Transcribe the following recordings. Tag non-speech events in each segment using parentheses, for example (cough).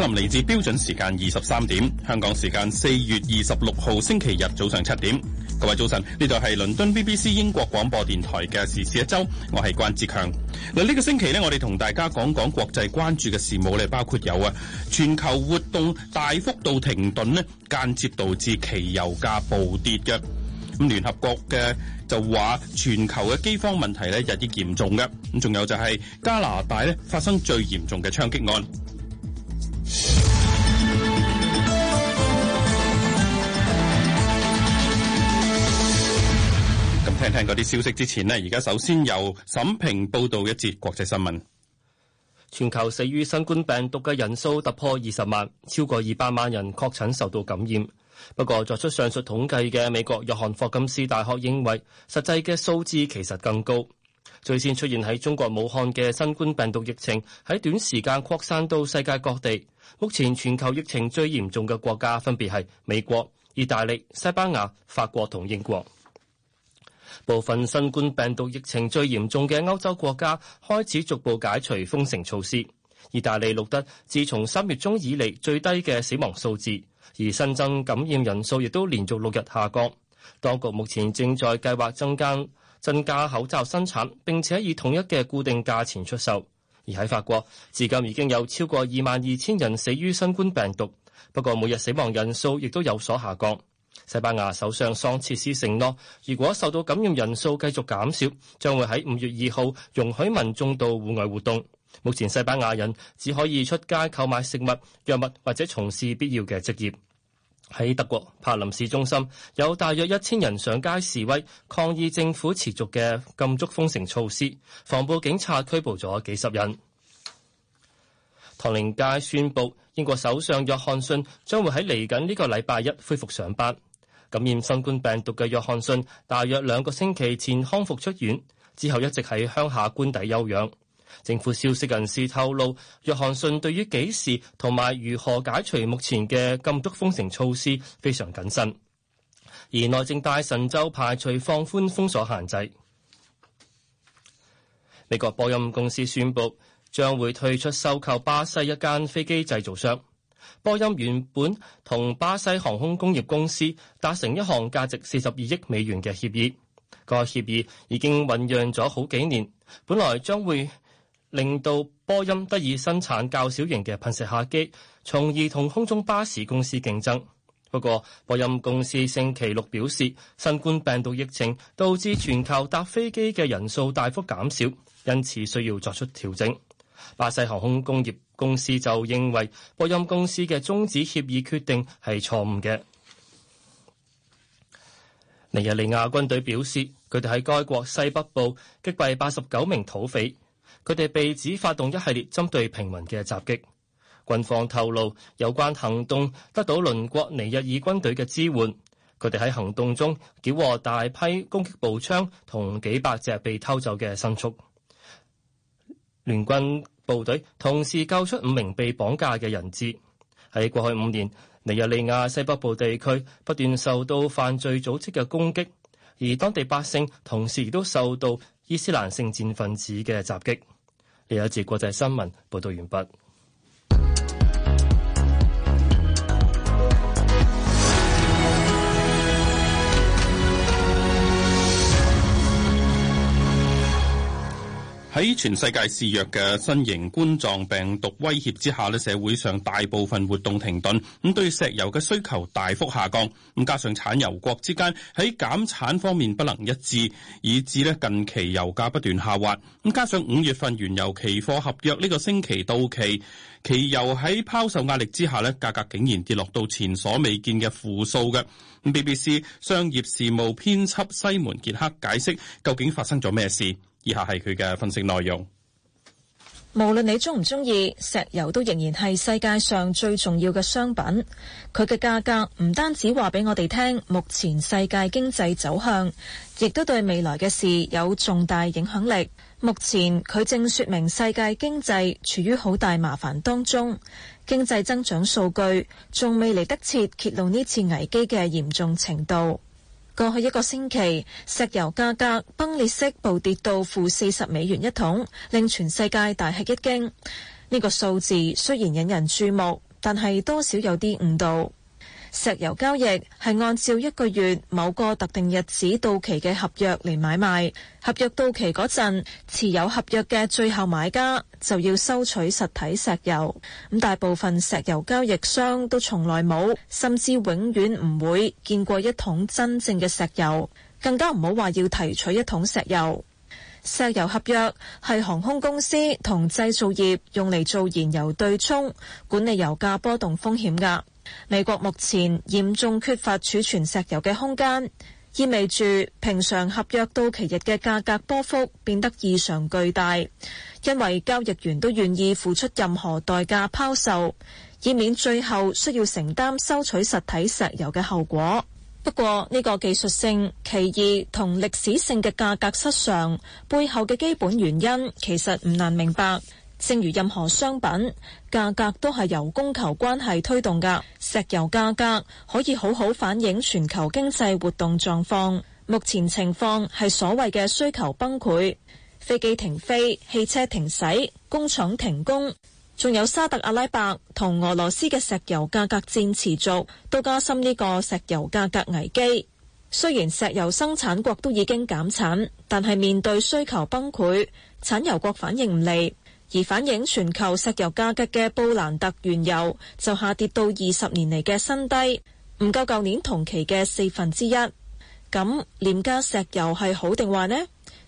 林嚟自標準時間二十三點，香港時間四月二十六號星期日早上七點。各位早晨，呢度係倫敦 BBC 英國廣播電台嘅時事一周，我係關志強。嗱，呢個星期呢，我哋同大家講講國際關注嘅事務咧，包括有啊，全球活動大幅度停頓咧，間接導致期油價暴跌嘅。咁聯合國嘅就話全球嘅饑荒問題咧日益嚴重嘅。咁仲有就係加拿大咧發生最嚴重嘅槍擊案。聽聽嗰啲消息之前咧，而家首先由沈平報道一節國際新聞。全球死於新冠病毒嘅人數突破二十萬，超過二百萬人確診受到感染。不過，作出上述統計嘅美國約翰霍金斯大學認為，實際嘅數字其實更高。最先出現喺中國武漢嘅新冠病毒疫情，喺短時間擴散到世界各地。目前全球疫情最嚴重嘅國家分別係美國、意大利、西班牙、法國同英國。部分新冠病毒疫情最嚴重嘅歐洲國家開始逐步解除封城措施。意大利錄得自從三月中以嚟，最低嘅死亡數字，而新增感染人數亦都連續六日下降。當局目前正在計劃增加增加口罩生產，並且以統一嘅固定價錢出售。而喺法國，至今已經有超過二萬二千人死於新冠病毒，不過每日死亡人數亦都有所下降。西班牙首相桑切斯承諾，如果受到感染人數繼續減少，將會喺五月二號容許民眾到戶外活動。目前西班牙人只可以出街購買食物、藥物或者從事必要嘅職業。喺德國柏林市中心，有大約一千人上街示威抗議政府持續嘅禁足封城措施，防暴警察拘捕咗幾十人。唐寧街宣布，英國首相約翰遜將會喺嚟緊呢個禮拜一恢復上班。感染新冠病毒嘅約翰遜大約兩個星期前康復出院，之後一直喺鄉下官邸休養。政府消息人士透露，約翰遜對於幾時同埋如何解除目前嘅禁足封城措施非常謹慎。而內政大臣就排除放寬封鎖限制。美國波音公司宣布將會退出收購巴西一間飛機製造商。波音原本同巴西航空工業公司達成一項價值四十二億美元嘅協議，個協議已經醞釀咗好幾年，本來將會令到波音得以生產較小型嘅噴射客機，從而同空中巴士公司競爭。不過，波音公司星期六表示，新冠病毒疫情導致全球搭飛機嘅人數大幅減少，因此需要作出調整。巴西航空工業公司就認為波音公司嘅終止協議決定係錯誤嘅。尼日利亞軍隊表示，佢哋喺該國西北部擊斃八十九名土匪，佢哋被指發動一系列針對平民嘅襲擊。軍方透露，有關行動得到鄰國尼日爾軍隊嘅支援，佢哋喺行動中繳獲大批攻擊步槍同幾百隻被偷走嘅牲畜。聯軍部隊同時救出五名被綁架嘅人質。喺過去五年，尼日利亞西北部地區不斷受到犯罪組織嘅攻擊，而當地百姓同時亦都受到伊斯蘭聖戰分子嘅襲擊。呢一節國際新聞報道完畢。喺全世界肆虐嘅新型冠狀病毒威脅之下咧，社會上大部分活動停頓，咁對石油嘅需求大幅下降，咁加上產油國之間喺減產方面不能一致，以致咧近期油價不斷下滑。咁加上五月份原油期貨合約呢個星期到期，期油喺拋售壓力之下咧，價格竟然跌落到前所未見嘅負數嘅。咁 BBC 商業事務編輯西門傑克解釋究竟發生咗咩事。以下係佢嘅分析內容。無論你中唔中意，石油都仍然係世界上最重要嘅商品。佢嘅價格唔單止話俾我哋聽目前世界經濟走向，亦都對未來嘅事有重大影響力。目前佢正說明世界經濟處於好大麻煩當中。經濟增長數據仲未嚟得切揭露呢次危機嘅嚴重程度。過去一個星期，石油價格崩裂式暴跌到負四十美元一桶，令全世界大吃一驚。呢個數字雖然引人注目，但係多少有啲誤導。石油交易係按照一個月某個特定日子到期嘅合約嚟買賣，合約到期嗰陣，持有合約嘅最後買家就要收取實體石油。咁大部分石油交易商都從來冇，甚至永遠唔會見過一桶真正嘅石油，更加唔好話要提取一桶石油。石油合約係航空公司同製造業用嚟做燃油對沖，管理油價波動風險噶。美國目前嚴重缺乏儲存石油嘅空間，意味住平常合約到期日嘅價格波幅變得異常巨大，因為交易員都願意付出任何代價拋售，以免最後需要承擔收取實體石油嘅後果。不過，呢個技術性其二同歷史性嘅價格失常，背後嘅基本原因，其實唔難明白。正如任何商品價格都係由供求關係推動噶，石油價格可以好好反映全球經濟活動狀況。目前情況係所謂嘅需求崩潰，飛機停飛、汽車停駛、工廠停工，仲有沙特阿拉伯同俄羅斯嘅石油價格戰持續，都加深呢個石油價格危機。雖然石油生產國都已經減產，但係面對需求崩潰，產油國反應唔利。而反映全球石油價格嘅布蘭特原油就下跌到二十年嚟嘅新低，唔夠舊年同期嘅四分之一。咁廉價石油係好定壞呢？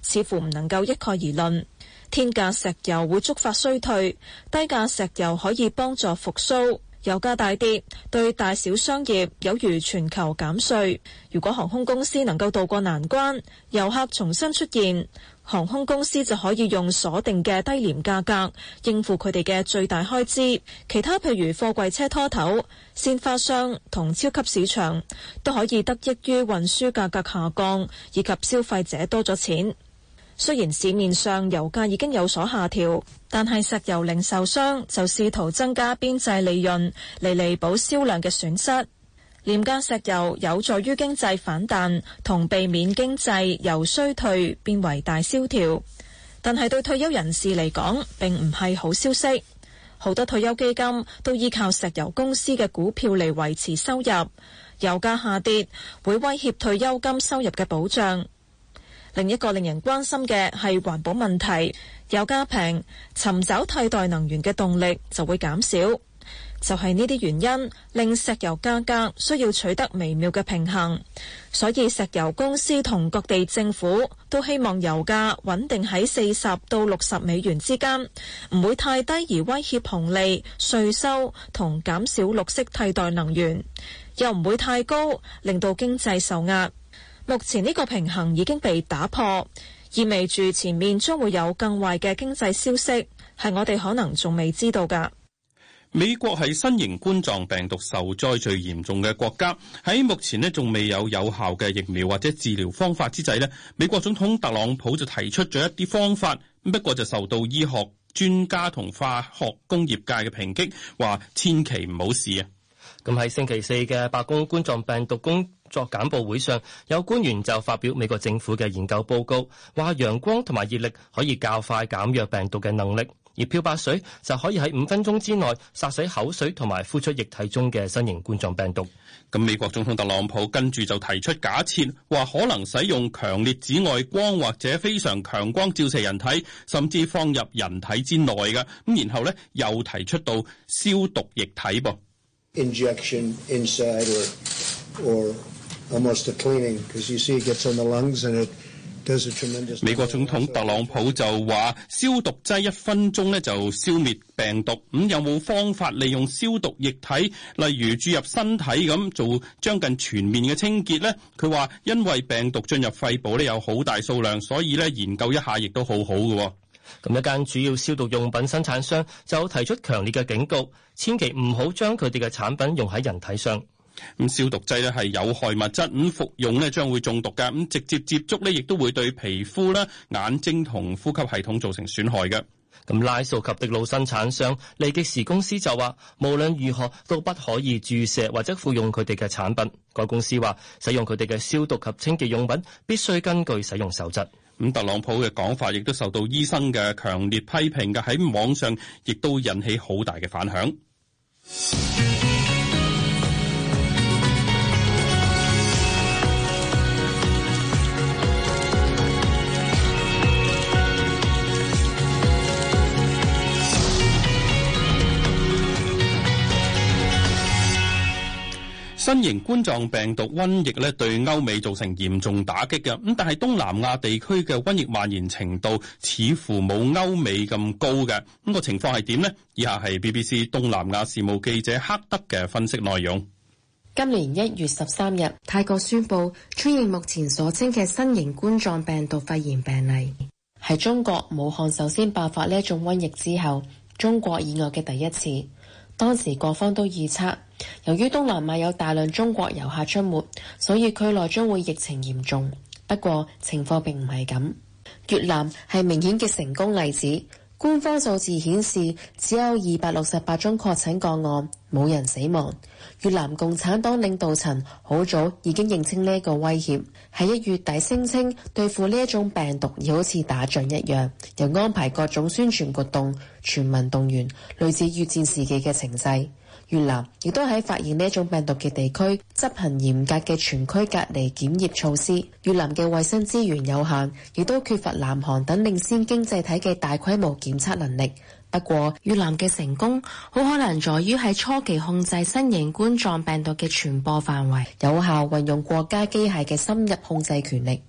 似乎唔能夠一概而論。天價石油會觸發衰退，低價石油可以幫助復蘇。油價大跌，對大小商業有如全球減稅。如果航空公司能夠渡過難關，遊客重新出現，航空公司就可以用鎖定嘅低廉價格應付佢哋嘅最大開支。其他譬如貨櫃車拖頭、鮮花商同超級市場都可以得益於運輸價格下降以及消費者多咗錢。雖然市面上油價已經有所下調。但係石油零售商就試圖增加邊際利潤嚟彌補銷量嘅損失。廉價石油有助於經濟反彈同避免經濟由衰退變為大蕭條，但係對退休人士嚟講，並唔係好消息。好多退休基金都依靠石油公司嘅股票嚟維持收入，油價下跌會威脅退休金收入嘅保障。另一個令人關心嘅係環保問題，油價平，尋找替代能源嘅動力就會減少。就係呢啲原因，令石油價格需要取得微妙嘅平衡。所以石油公司同各地政府都希望油價穩定喺四十到六十美元之間，唔會太低而威脅紅利、稅收同減少綠色替代能源，又唔會太高令到經濟受壓。目前呢個平衡已經被打破，意味住前面將會有更壞嘅經濟消息，係我哋可能仲未知道噶。美國係新型冠狀病毒受災最嚴重嘅國家，喺目前呢仲未有有效嘅疫苗或者治療方法之際，呢美國總統特朗普就提出咗一啲方法，不過就受到醫學專家同化學工業界嘅抨擊，話千祈唔好試啊。咁喺星期四嘅白宮冠狀病毒公作簡報會上，有官員就發表美國政府嘅研究報告，話陽光同埋熱力可以較快減弱病毒嘅能力，而漂白水就可以喺五分鐘之內殺死口水同埋呼出液體中嘅新型冠狀病毒。咁美國總統特朗普跟住就提出假設，話可能使用強烈紫外光或者非常強光照射人體，甚至放入人體之內嘅。咁然後呢，又提出到消毒液體噃。Injection inside or, or... 美國總統特朗普就話：消毒劑一分鐘咧就消滅病毒。咁、嗯、有冇方法利用消毒液體，例如注入身體咁做，將近全面嘅清潔咧？佢話因為病毒進入肺部咧有好大數量，所以咧研究一下亦都好好嘅。咁一間主要消毒用品生產商就提出強烈嘅警告：千祈唔好將佢哋嘅產品用喺人體上。咁消毒劑咧係有害物質，咁服用咧將會中毒噶，咁直接接觸呢，亦都會對皮膚啦、眼睛同呼吸系統造成損害嘅。咁拉素及滴露生產商利潔時公司就話，無論如何都不可以注射或者服用佢哋嘅產品。該公司話，使用佢哋嘅消毒及清潔用品必須根據使用守則。咁特朗普嘅講法亦都受到醫生嘅強烈批評嘅，喺網上亦都引起好大嘅反響。新型冠狀病毒瘟疫咧，對歐美造成嚴重打擊嘅，咁但係東南亞地區嘅瘟疫蔓延程度似乎冇歐美咁高嘅，咁個情況係點呢？以下係 BBC 東南亞事務記者黑德嘅分析內容。今年一月十三日，泰國宣布出現目前所稱嘅新型冠狀病毒肺炎病例，係中國武漢首先爆發呢一種瘟疫之後，中國以外嘅第一次。當時各方都預測，由於東南亞有大量中國遊客出沒，所以區內將會疫情嚴重。不過情況並唔係咁，越南係明顯嘅成功例子。官方數字顯示，只有二百六十八宗確診個案，冇人死亡。越南共產黨領導層好早已經認清呢個威脅，喺一月底聲稱對付呢一種病毒要好似打仗一樣，又安排各種宣傳活動、全民動員，類似越戰時期嘅情勢。越南亦都喺發現呢一種病毒嘅地區執行嚴格嘅全區隔離檢疫措施。越南嘅衛生資源有限，亦都缺乏南韓等領先經濟體嘅大規模檢測能力。不過，越南嘅成功好可能在於喺初期控制新型冠狀病毒嘅傳播範圍，有效運用國家機械嘅深入控制權力。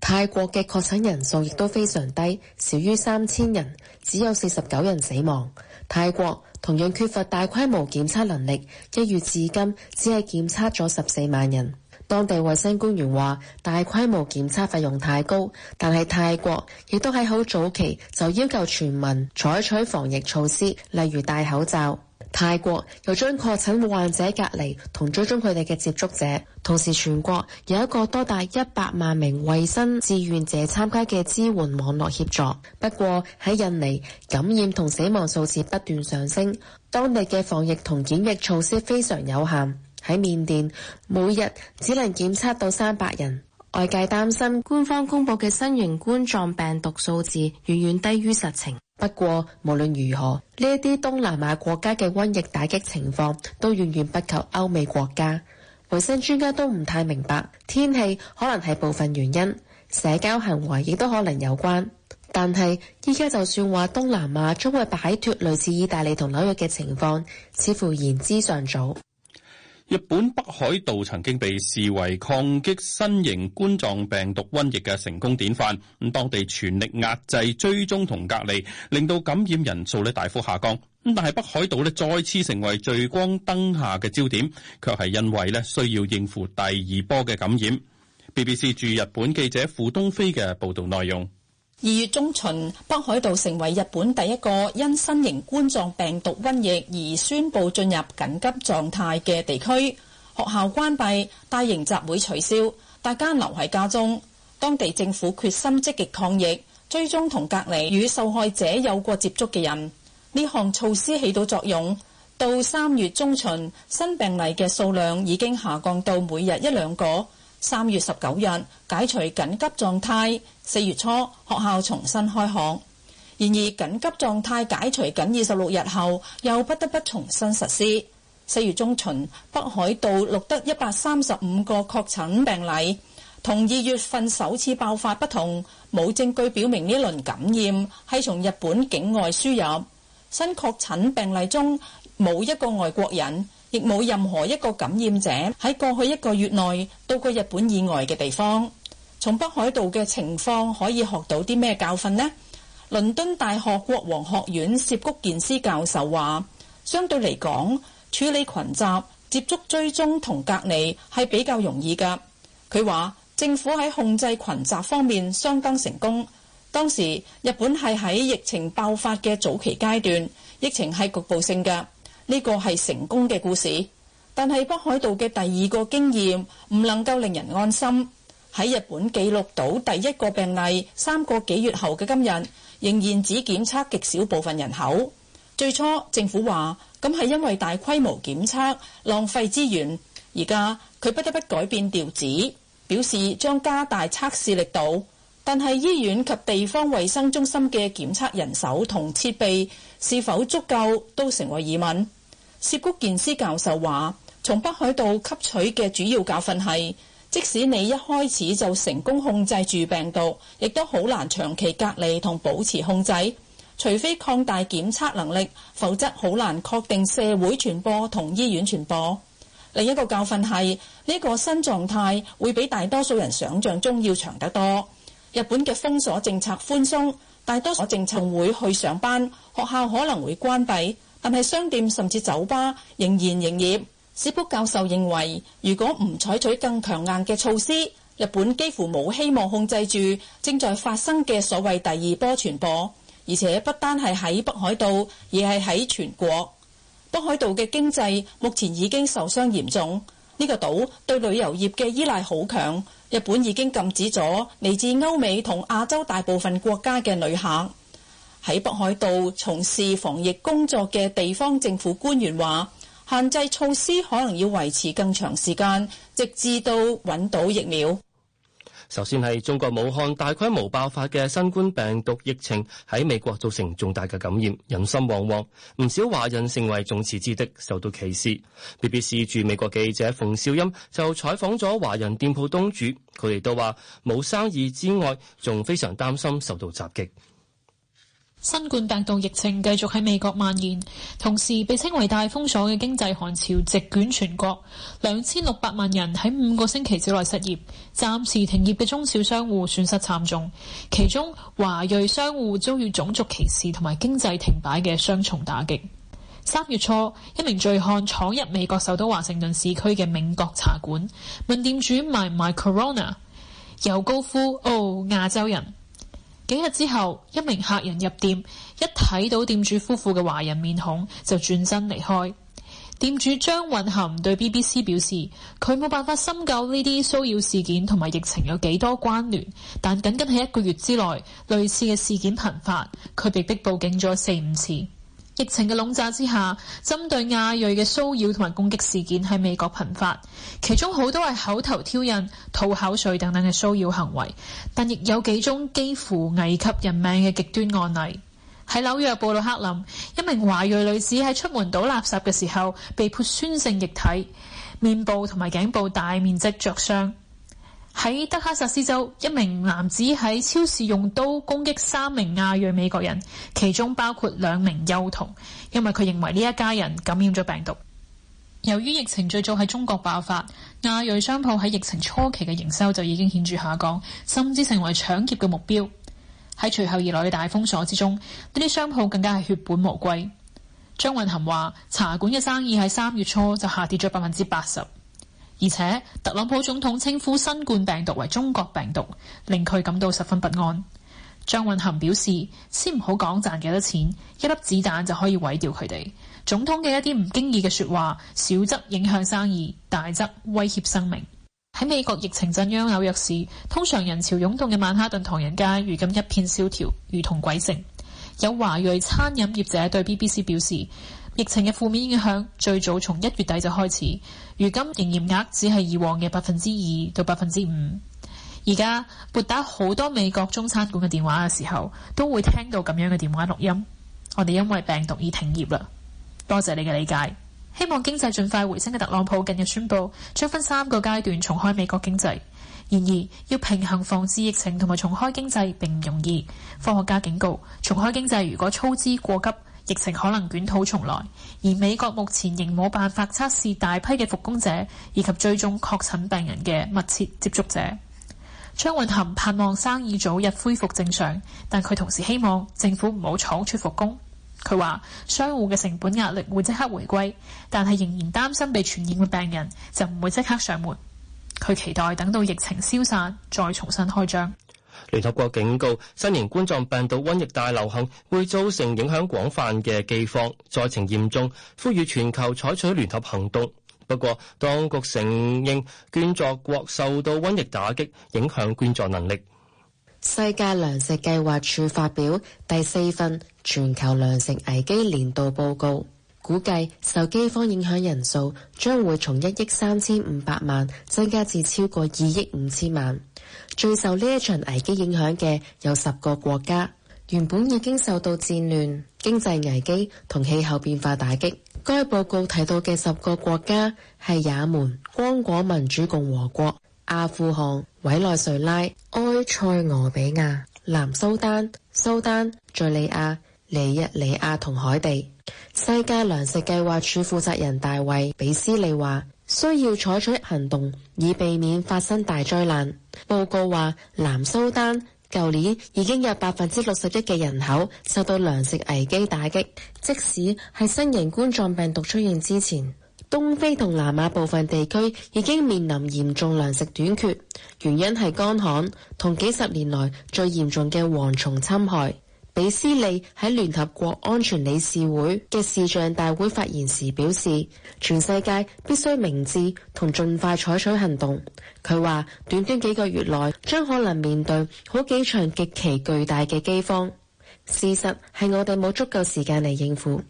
泰國嘅確診人數亦都非常低，少於三千人，只有四十九人死亡。泰國同樣缺乏大規模檢測能力，一月至今只係檢測咗十四萬人。當地衛生官員話，大規模檢測費用太高，但係泰國亦都喺好早期就要求全民採取防疫措施，例如戴口罩。泰國又將確診患者隔離同追蹤佢哋嘅接觸者，同時全國有一個多達一百萬名衞生志願者參加嘅支援網絡協助。不過喺印尼，感染同死亡數字不斷上升，當地嘅防疫同檢疫措施非常有限。喺緬甸，每日只能檢測到三百人。外界擔心官方公布嘅新型冠狀病毒數字遠遠低於實情。不過無論如何，呢一啲東南亞國家嘅瘟疫打擊情況都遠遠不及歐美國家。衛生專家都唔太明白，天氣可能係部分原因，社交行為亦都可能有關。但係依家就算話東南亞將會擺脫類似意大利同紐約嘅情況，似乎言之尚早。日本北海道曾經被視為抗擊新型冠狀病毒瘟疫嘅成功典範，咁當地全力壓制、追蹤同隔離，令到感染人數咧大幅下降。咁但係北海道咧再次成為聚光燈下嘅焦點，卻係因為咧需要應付第二波嘅感染。BBC 駐日本記者傅東飛嘅報導內容。二月中旬，北海道成為日本第一個因新型冠狀病毒瘟疫而宣布進入緊急狀態嘅地區，學校關閉，大型集會取消，大家留喺家中。當地政府決心積極，極抗疫，追蹤同隔離與受害者有過接觸嘅人。呢項措施起到作用，到三月中旬，新病例嘅數量已經下降到每日一兩個。三月十九日解除緊急狀態，四月初學校重新開學。然而緊急狀態解除僅二十六日後又不得不重新實施。四月中旬，北海道錄得一百三十五個確診病例。同二月份首次爆發不同，冇證據表明呢輪感染係從日本境外輸入。新確診病例中冇一個外國人。亦冇任何一個感染者喺過去一個月內到過日本以外嘅地方。從北海道嘅情況可以學到啲咩教訓呢？倫敦大學國王學院涉谷健司教授話，相對嚟講，處理群集、接觸、追蹤同隔離係比較容易㗎。佢話政府喺控制群集方面相當成功。當時日本係喺疫情爆發嘅早期階段，疫情係局部性㗎。呢個係成功嘅故事，但係北海道嘅第二個經驗唔能夠令人安心。喺日本記錄到第一個病例三個幾月後嘅今日，仍然只檢測極少部分人口。最初政府話咁係因為大規模檢測浪費資源，而家佢不得不改變調子，表示將加大測試力度。但係醫院及地方衛生中心嘅檢測人手同設備是否足夠，都成為疑問。涉谷健司教授話：從北海道吸取嘅主要教訓係，即使你一開始就成功控制住病毒，亦都好難長期隔離同保持控制，除非擴大檢測能力，否則好難確定社會傳播同醫院傳播。另一個教訓係呢個新狀態會比大多數人想像中要長得多。日本嘅封鎖政策寬鬆，大多數政策會去上班，學校可能會關閉。但係商店甚至酒吧仍然營業。史普教授認為，如果唔採取更強硬嘅措施，日本幾乎冇希望控制住正在發生嘅所謂第二波傳播，而且不單係喺北海道，而係喺全國。北海道嘅經濟目前已經受傷嚴重，呢、這個島對旅遊業嘅依賴好強。日本已經禁止咗嚟自歐美同亞洲大部分國家嘅旅客。喺北海道從事防疫工作嘅地方政府官員話，限制措施可能要維持更長時間，直至到揾到疫苗。首先係中國武漢大規模爆發嘅新冠病毒疫情，喺美國造成重大嘅感染，人心惶惶，唔少華人成為眾矢之的，受到歧視。BBC 駐美國記者馮少音就採訪咗華人店鋪東主，佢哋都話冇生意之外，仲非常擔心受到襲擊。新冠病毒疫情繼續喺美國蔓延，同時被稱為大封鎖嘅經濟寒潮席捲全國，兩千六百萬人喺五個星期之內失業，暫時停業嘅中小商戶損失慘重。其中華裔商戶遭遇種族歧視同埋經濟停擺嘅雙重打擊。三月初，一名醉漢闖入美國首都華盛頓市區嘅明國茶館，問店主賣唔賣 Corona，又高呼哦，h 亞洲人。幾日之後，一名客人入店，一睇到店主夫婦嘅華人面孔就轉身離開。店主張運涵對 BBC 表示，佢冇辦法深究呢啲騷擾事件同埋疫情有幾多關聯，但僅僅喺一個月之內，類似嘅事件頻發，佢被逼報警咗四五次。疫情嘅籠罩之下，針對亞裔嘅騷擾同埋攻擊事件喺美國頻發，其中好多係口頭挑釁、吐口水等等嘅騷擾行為，但亦有幾宗幾乎危及人命嘅極端案例。喺紐約布魯克林，一名華裔女子喺出門倒垃圾嘅時候，被潑酸性液體，面部同埋頸部大面積灼傷。喺德克薩斯州，一名男子喺超市用刀攻擊三名亞裔美國人，其中包括兩名幼童，因為佢認為呢一家人感染咗病毒。由於疫情最早喺中國爆發，亞裔商鋪喺疫情初期嘅營收就已經顯著下降，甚至成為搶劫嘅目標。喺隨後而來嘅大封鎖之中，呢啲商鋪更加係血本無歸。張運涵話：茶館嘅生意喺三月初就下跌咗百分之八十。而且特朗普總統稱呼新冠病毒為中國病毒，令佢感到十分不安。張運恒表示：先唔好講賺幾多錢，一粒子彈就可以毀掉佢哋。總統嘅一啲唔經意嘅說話，小則影響生，生意，大則威脅生命。喺美國疫情震央紐約市，通常人潮湧動嘅曼哈頓唐人街，如今一片蕭條如同鬼城。有華裔餐飲業者對 BBC 表示。疫情嘅負面影響最早從一月底就開始，如今營業額只係以往嘅百分之二到百分之五。而家撥打好多美國中餐館嘅電話嘅時候，都會聽到咁樣嘅電話錄音。我哋因為病毒而停業啦，多謝你嘅理解。希望經濟盡快回升嘅特朗普近日宣布，將分三個階段重開美國經濟。然而，要平衡防治疫情同埋重開經濟並唔容易。科學家警告，重開經濟如果操之過急。疫情可能捲土重來，而美國目前仍冇辦法測試大批嘅復工者，以及追蹤確診病人嘅密切接觸者。張雲含盼望生意早日恢復正常，但佢同時希望政府唔好倉促復工。佢話：商戶嘅成本壓力會即刻回歸，但係仍然擔心被傳染嘅病人就唔會即刻上門。佢期待等到疫情消散，再重新開張。聯合國警告，新型冠狀病毒瘟疫大流行會造成影響廣泛嘅饑荒，災情嚴重，呼籲全球採取聯合行動。不過，當局承認捐助國受到瘟疫打擊，影響捐助能力。世界糧食計劃署發表第四份全球糧食危機年度報告，估計受饑荒影響人數將會從一億三千五百萬增加至超過二億五千萬。最受呢一場危機影響嘅有十個國家，原本已經受到戰亂、經濟危機同氣候變化打擊。該報告提到嘅十個國家係也門、剛果民主共和國、阿富汗、委內瑞拉、埃塞俄比亞、南蘇丹、蘇丹、敘利亞、尼日利亞同海地。世界糧食計劃署負責人大衛比斯利話。需要採取行動，以避免發生大災難。報告話，南蘇丹舊年已經有百分之六十一嘅人口受到糧食危機打擊，即使喺新型冠狀病毒出現之前，東非同南亞部分地區已經面臨嚴重糧食短缺，原因係乾旱同幾十年來最嚴重嘅蝗蟲侵害。李斯利喺聯合國安全理事會嘅視像大會發言時表示，全世界必須明智同盡快採取行動。佢話，短短幾個月內，將可能面對好幾場極其巨大嘅饑荒。事實係我哋冇足夠時間嚟應付。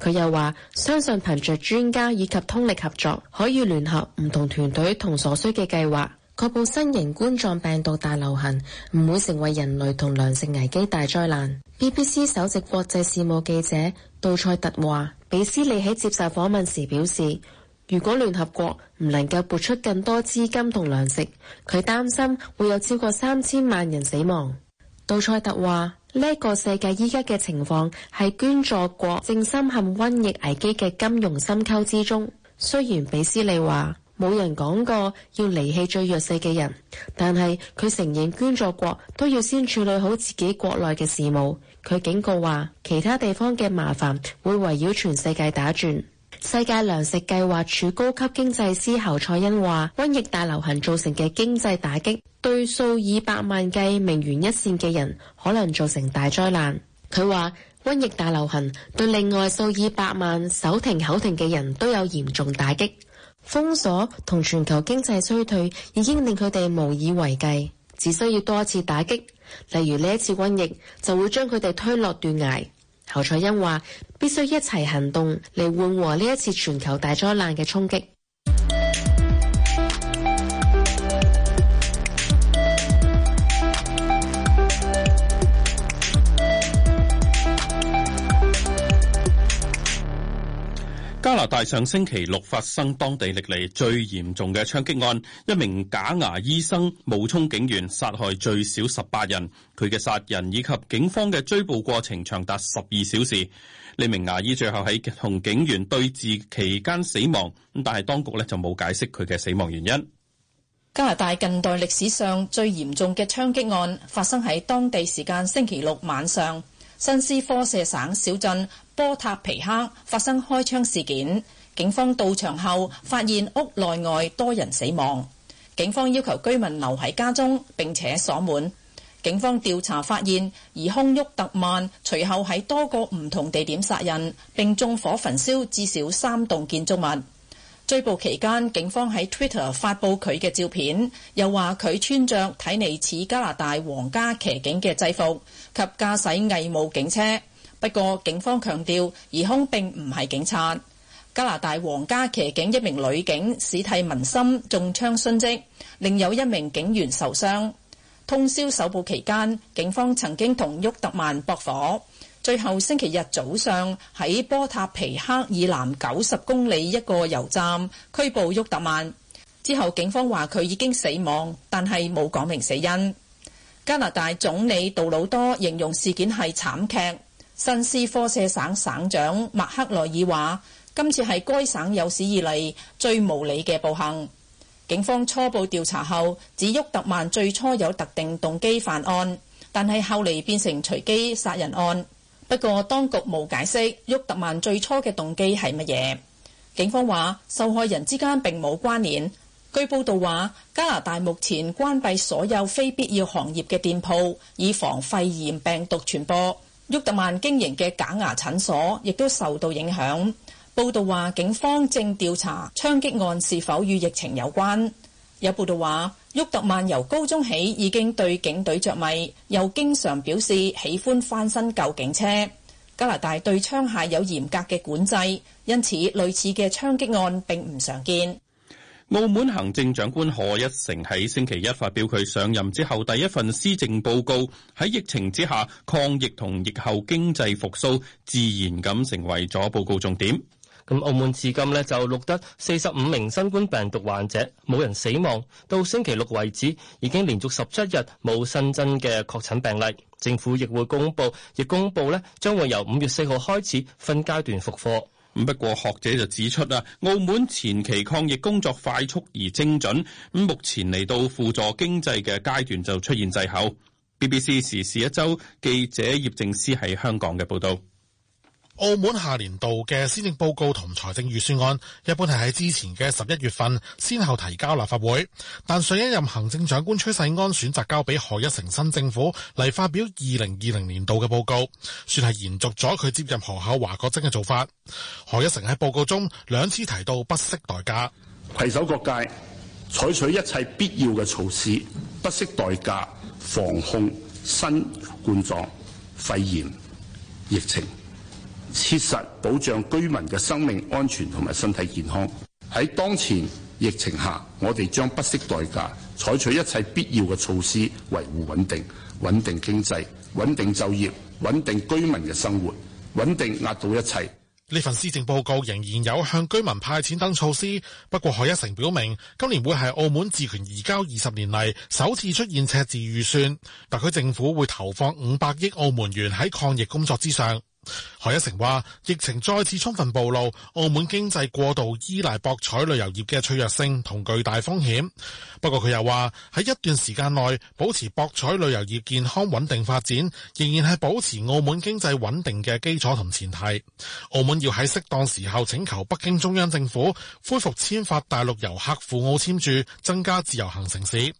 佢又話，相信憑着專家以及通力合作，可以聯合唔同團隊同所需嘅計劃。確保新型冠狀病毒大流行唔會成為人類同糧食危機大災難。BBC 首席國際事務記者杜塞特話，比斯利喺接受訪問時表示，如果聯合國唔能夠撥出更多資金同糧食，佢擔心會有超過三千萬人死亡。杜塞特話，呢個世界依家嘅情況係捐助國正深陷瘟疫危機嘅金融深溝之中。雖然比斯利話。冇人講過要離棄最弱勢嘅人，但係佢承認捐助國都要先處理好自己國內嘅事務。佢警告話，其他地方嘅麻煩會圍繞全世界打轉。世界糧食計劃署高級經濟師侯賽恩話，瘟疫大流行造成嘅經濟打擊，對數以百萬計命懸一線嘅人可能造成大災難。佢話瘟疫大流行對另外數以百萬手停口停嘅人都有嚴重打擊。封鎖同全球經濟衰退已經令佢哋無以為繼，只需要多一次打擊，例如呢一次瘟疫，就會將佢哋推落斷崖。侯彩欣話，必須一齊行動嚟緩和呢一次全球大災難嘅衝擊。加拿大上星期六發生當地歷嚟最嚴重嘅槍擊案，一名假牙醫生冒充警員殺害最少十八人。佢嘅殺人以及警方嘅追捕過程長達十二小時。呢名牙醫最後喺同警員對峙期間死亡，但係當局咧就冇解釋佢嘅死亡原因。加拿大近代歷史上最嚴重嘅槍擊案發生喺當地時間星期六晚上。新斯科舍省小鎮波塔皮克發生開槍事件，警方到場後發現屋內外多人死亡。警方要求居民留喺家中並且鎖門。警方調查發現，疑兇沃特曼隨後喺多個唔同地點殺人並縱火焚燒至少三棟建築物。追捕期間，警方喺 Twitter 發布佢嘅照片，又話佢穿着睇嚟似加拿大皇家騎警嘅制服。及駕駛偽冒警車，不過警方強調疑凶並唔係警察。加拿大皇家騎警一名女警史蒂文森中槍殉職，另有一名警員受傷。通宵搜捕期間，警方曾經同沃特曼駁火，最後星期日早上喺波塔皮克以南九十公里一個油站拘捕沃特曼。之後警方話佢已經死亡，但係冇講明死因。加拿大總理杜魯多形容事件係慘劇。新斯科舍省省長麥克萊爾話，今次係該省有史以嚟最無理嘅暴行。警方初步調查後，指沃特曼最初有特定動機犯案，但係後嚟變成隨機殺人案。不過當局冇解釋沃特曼最初嘅動機係乜嘢。警方話受害人之間並冇關聯。據報道話，加拿大目前關閉所有非必要行業嘅店鋪，以防肺炎病毒傳播。沃特曼經營嘅假牙診所亦都受到影響。報道話，警方正調查槍擊案是否與疫情有關。有報道話，沃特曼由高中起已經對警隊着迷，又經常表示喜歡翻新舊警車。加拿大對槍械有嚴格嘅管制，因此類似嘅槍擊案並唔常見。澳門行政長官賀一誠喺星期一發表佢上任之後第一份施政報告，喺疫情之下抗疫同疫後經濟復甦，自然咁成為咗報告重點。咁澳門至今咧就錄得四十五名新冠病毒患者，冇人死亡。到星期六為止，已經連續十七日冇新增嘅確診病例。政府亦會公布，亦公布咧將會由五月四號開始分階段復課。不過學者就指出啦，澳門前期抗疫工作快速而精準，目前嚟到輔助經濟嘅階段就出現滯後。BBC 時事一周記者葉正思喺香港嘅報道。澳門下年度嘅施政報告同財政預算案一般係喺之前嘅十一月份先後提交立法會，但上一任行政長官崔世安選擇交俾賀一誠新政府嚟發表二零二零年度嘅報告，算係延續咗佢接任何厚鏵國政嘅做法。賀一誠喺報告中兩次提到不惜代價攜手各界採取一切必要嘅措施，不惜代價防控新冠狀肺炎疫情。切實保障居民嘅生命安全同埋身體健康。喺當前疫情下，我哋將不惜代價採取一切必要嘅措施，維護穩定、穩定經濟、穩定就業、穩定居民嘅生活，穩定壓倒一切。呢份施政報告仍然有向居民派錢等措施，不過賀一誠表明，今年會係澳門治權移交二十年嚟，首次出現赤字預算，特區政府會投放五百億澳門元喺抗疫工作之上。何一成話，疫情再次充分暴露澳門經濟過度依賴博彩旅遊業嘅脆弱性同巨大風險。不過佢又話喺一段時間內保持博彩旅遊業健康穩定發展，仍然係保持澳門經濟穩定嘅基礎同前提。澳門要喺適當時候請求北京中央政府恢復簽發大陸遊客赴澳簽注，增加自由行城市。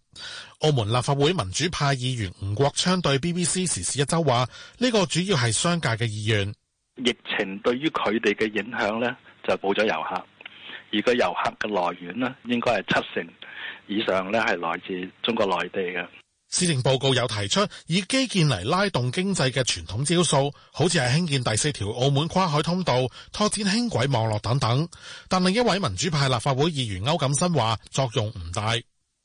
澳門立法會民主派議員吳國昌對 BBC 時事一周話，呢個主要係商界嘅意願。疫情對於佢哋嘅影響呢，就冇咗遊客。而個遊客嘅來源呢，應該係七成以上呢，係來自中國內地嘅。施政報告有提出以基建嚟，拉動經濟嘅傳統招數，好似係興建第四條澳門跨海通道、拓展輕軌網絡等等。但另一位民主派立法會議員歐錦新話，作用唔大。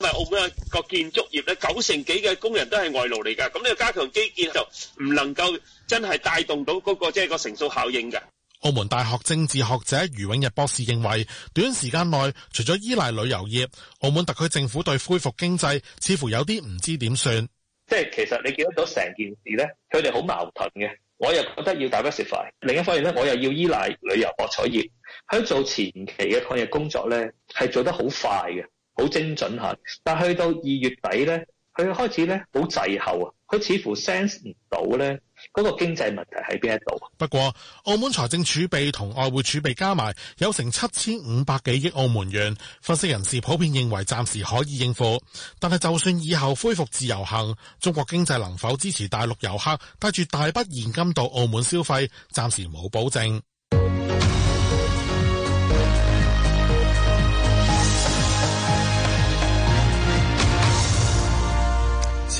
唔係澳門個建築業咧，九成幾嘅工人都係外勞嚟噶，咁你加強基建就唔能夠真係帶動到嗰、那個即係、就是、個乘數效應嘅。澳門大學政治學者余永逸博士認為，短時間內除咗依賴旅遊業，澳門特區政府對恢復經濟似乎有啲唔知點算。即係其實你見得到成件事咧，佢哋好矛盾嘅。我又覺得要 diversify，另一方面咧，我又要依賴旅遊博彩業。喺做前期嘅抗疫工作咧，係做得好快嘅。好精準吓，但去到二月底咧，佢開始咧好滯後啊！佢似乎 sense 唔到咧嗰個經濟問題喺邊一度。不過，澳門財政儲備同外匯儲備加埋有成七千五百幾億澳門元，分析人士普遍認為暫時可以應付。但係就算以後恢復自由行，中國經濟能否支持大陸遊客帶住大筆現金到澳門消費，暫時冇保證。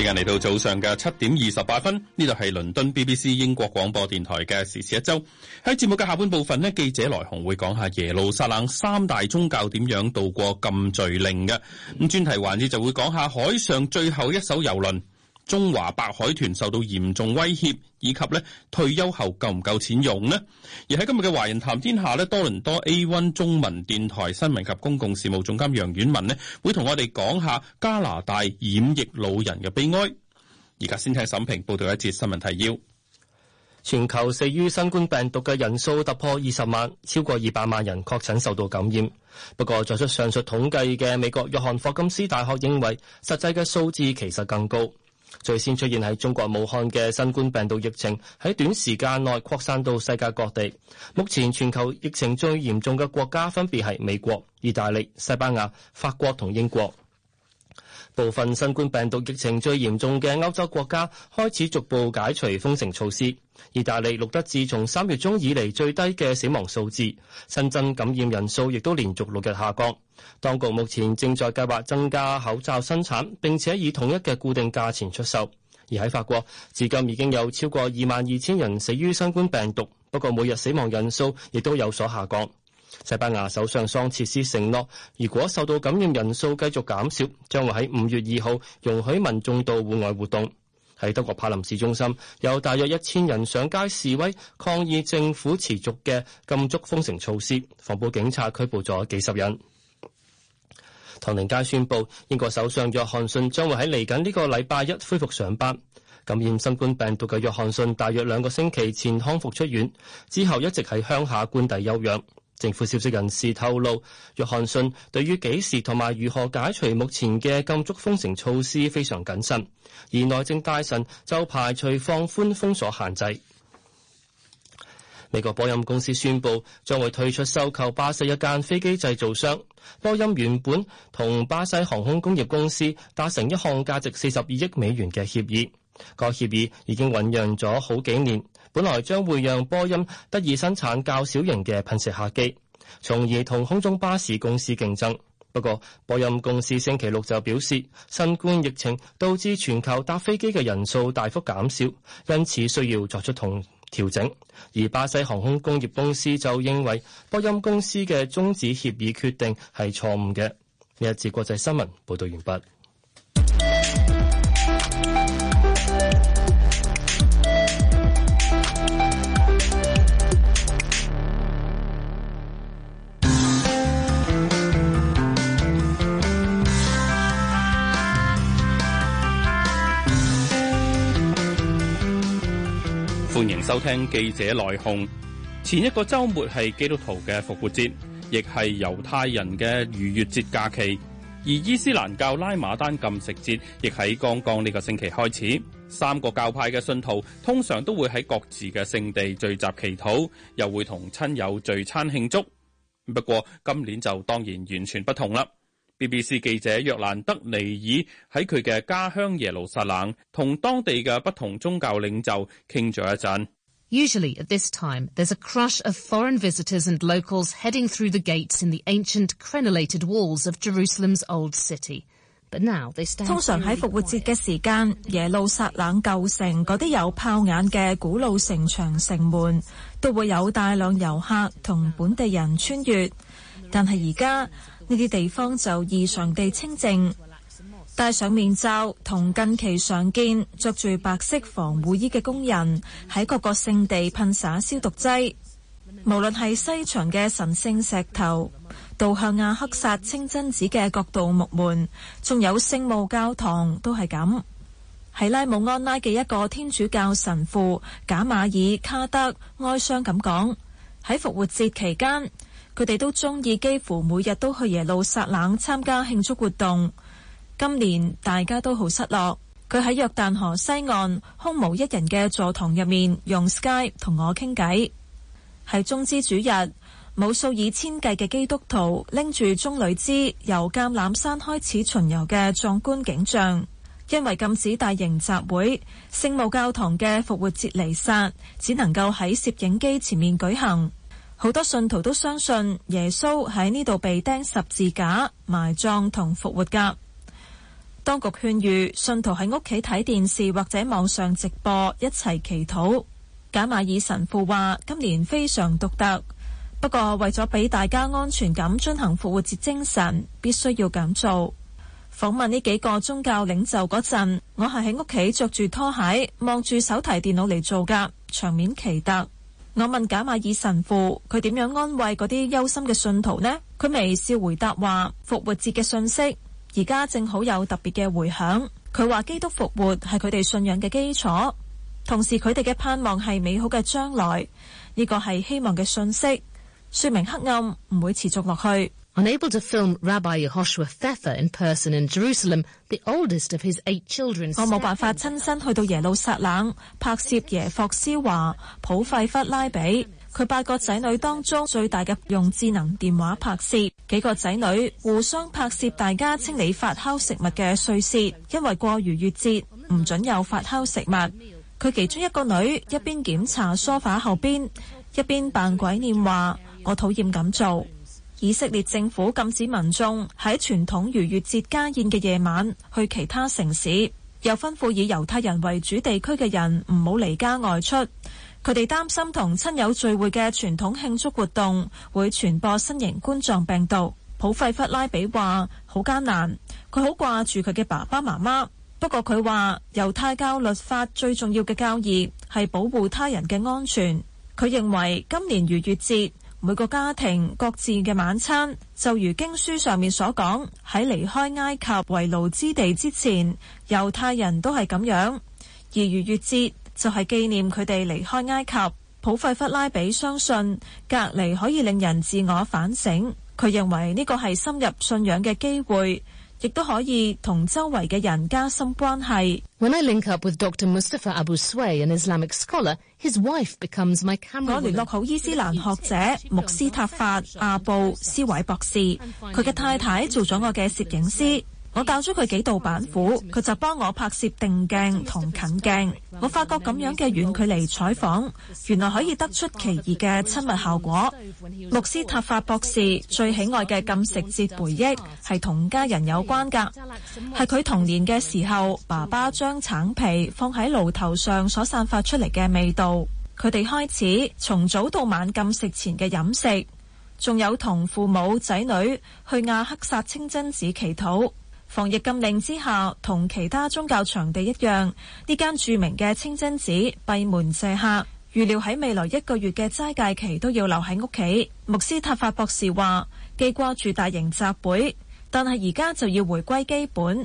時間嚟到早上嘅七點二十八分，呢度係倫敦 BBC 英國廣播電台嘅時事一周。喺節目嘅下半部分咧，記者來紅會講下耶路撒冷三大宗教點樣度過禁聚令嘅。咁專題環節就會講下海上最後一艘郵輪。中華白海豚受到嚴重威脅，以及咧退休後夠唔夠錢用呢？而喺今日嘅《華人談天下》咧，多倫多 A One 中文電台新聞及公共事務總監楊婉文咧會同我哋講下加拿大染疫老人嘅悲哀。而家先聽沈平報道一節新聞提要。全球死於新冠病毒嘅人數突破二十萬，超過二百萬人確診受到感染。不過，作出上述統計嘅美國約翰霍金斯大學認為，實際嘅數字其實更高。最先出現喺中國武漢嘅新冠病毒疫情，喺短時間內擴散到世界各地。目前全球疫情最嚴重嘅國家分別係美國、意大利、西班牙、法國同英國。部分新冠病毒疫情最嚴重嘅歐洲國家開始逐步解除封城措施。意大利錄得自從三月中以嚟最低嘅死亡數字，新增感染人數亦都連續六日下降。當局目前正在計劃增加口罩生產，並且以統一嘅固定價錢出售。而喺法國，至今已經有超過二萬二千人死於新冠病毒，不過每日死亡人數亦都有所下降。西班牙首相桑切斯承諾，如果受到感染人數繼續減少，將會喺五月二號容許民眾到戶外活動。喺德國柏林市中心，有大約一千人上街示威，抗議政府持續嘅禁足封城措施。防暴警察拘捕咗幾十人。唐寧街宣布，英國首相約翰遜將會喺嚟緊呢個禮拜一恢復上班。感染新冠病毒嘅約翰遜大約兩個星期前康復出院，之後一直喺鄉下官邸休養。政府消息人士透露，約翰遜對於幾時同埋如何解除目前嘅禁足封城措施非常謹慎，而內政大臣就排除放寬封鎖限制。美國波音公司宣布將會退出收購巴西一間飛機製造商。波音原本同巴西航空工業公司達成一項價值四十二億美元嘅協議，個協議已經醞釀咗好幾年。本來將會讓波音得以生產較小型嘅噴射客機，從而同空中巴士公司競爭。不過，波音公司星期六就表示，新冠疫情導致全球搭飛機嘅人數大幅減少，因此需要作出同調整。而巴西航空工業公司就認為波音公司嘅終止協議決定係錯誤嘅。呢一節國際新聞報道完畢。收聽記者來控。前一個周末係基督徒嘅復活節，亦係猶太人嘅逾越節假期，而伊斯蘭教拉馬丹禁食節亦喺剛剛呢個星期開始。三個教派嘅信徒通常都會喺各自嘅聖地聚集祈禱，又會同親友聚餐慶祝。不過今年就當然完全不同啦。BBC 記者約蘭德尼爾喺佢嘅家鄉耶路撒冷，同當地嘅不同宗教領袖傾咗一陣。通常喺復活節嘅時間，耶路撒冷舊城嗰啲有炮眼嘅古老城牆城門，都會有大量遊客同本地人穿越，但係而家，呢啲地方就異常地清靜，戴上面罩同近期常見着住白色防護衣嘅工人喺各個聖地噴灑消毒劑。無論係西牆嘅神聖石頭、道向亞克薩清真寺嘅角度木門，仲有聖母教堂都係咁。喺拉姆安拉嘅一個天主教神父賈馬爾卡德哀傷咁講：喺復活節期間。佢哋都中意，幾乎每日都去耶路撒冷參加慶祝活動。今年大家都好失落。佢喺約旦河西岸空無一人嘅座堂入面，用 Skype 同我傾偈。係棕枝主日，冇數以千計嘅基督徒拎住棕櫚枝，由橄欖山開始巡遊嘅壯觀景象。因為禁止大型集會，聖母教堂嘅復活節彌撒只能夠喺攝影機前面舉行。好多信徒都相信耶穌喺呢度被釘十字架，埋葬同復活噶。當局勸喻信徒喺屋企睇電視或者網上直播一齊祈禱。賈馬爾神父話：今年非常獨特，不過為咗俾大家安全感，進行復活節精神，必須要咁做。訪問呢幾個宗教領袖嗰陣，我係喺屋企着住拖鞋，望住手提電腦嚟做噶，場面奇特。我問賈馬爾神父佢點樣安慰嗰啲憂心嘅信徒呢？佢微笑回答話，復活節嘅信息而家正好有特別嘅回響。佢話基督復活係佢哋信仰嘅基礎，同時佢哋嘅盼望係美好嘅將來，呢個係希望嘅信息，說明黑暗唔會持續落去。unable to film Rabbi y o s h u a t e f f、ah、in person in Jerusalem, the oldest of his eight children。我冇辦法親身去到耶路撒冷拍攝耶霍斯華普費弗拉比，佢八個仔女當中最大嘅用智能電話拍攝，幾個仔女互相拍攝大家清理發酵食物嘅碎屑，因為過逾越節唔準有發酵食物。佢其中一個女一邊檢查梳化 f a 後邊，一邊扮鬼念話：我討厭咁做。以色列政府禁止民眾喺傳統逾月節家宴嘅夜晚去其他城市，又吩咐以猶太人為主地區嘅人唔好離家外出。佢哋擔心同親友聚會嘅傳統慶祝活動會傳播新型冠狀病毒。普費弗拉比話：好艱難，佢好掛住佢嘅爸爸媽媽。不過佢話猶太教律法最重要嘅教義係保護他人嘅安全。佢認為今年逾月節。每個家庭各自嘅晚餐，就如經書上面所講，喺離開埃及為奴之地之前，猶太人都係咁樣。而逾越節就係、是、紀念佢哋離開埃及。普費弗拉比相信隔離可以令人自我反省，佢認為呢個係深入信仰嘅機會。亦都可以同周圍嘅人加深關係。我聯絡好伊斯蘭學者穆斯塔法阿布斯偉博士，佢嘅 (noise) (noise) (noise) 太太做咗我嘅攝影師。我教咗佢幾度板斧，佢就幫我拍攝定鏡同近鏡。我發覺咁樣嘅遠距離採訪，原來可以得出奇異嘅親密效果。穆斯塔法博士最喜愛嘅禁食節回憶係同家人有關㗎，係佢童年嘅時候，爸爸將橙皮放喺爐頭上所散發出嚟嘅味道，佢哋開始從早到晚禁食前嘅飲食，仲有同父母仔女去亞克薩清真寺祈禱。防疫禁令之下，同其他宗教場地一樣，呢間著名嘅清真寺閉門謝客。預料喺未來一個月嘅齋戒期都要留喺屋企。穆斯塔法博士話，記掛住大型集會，但係而家就要回歸基本，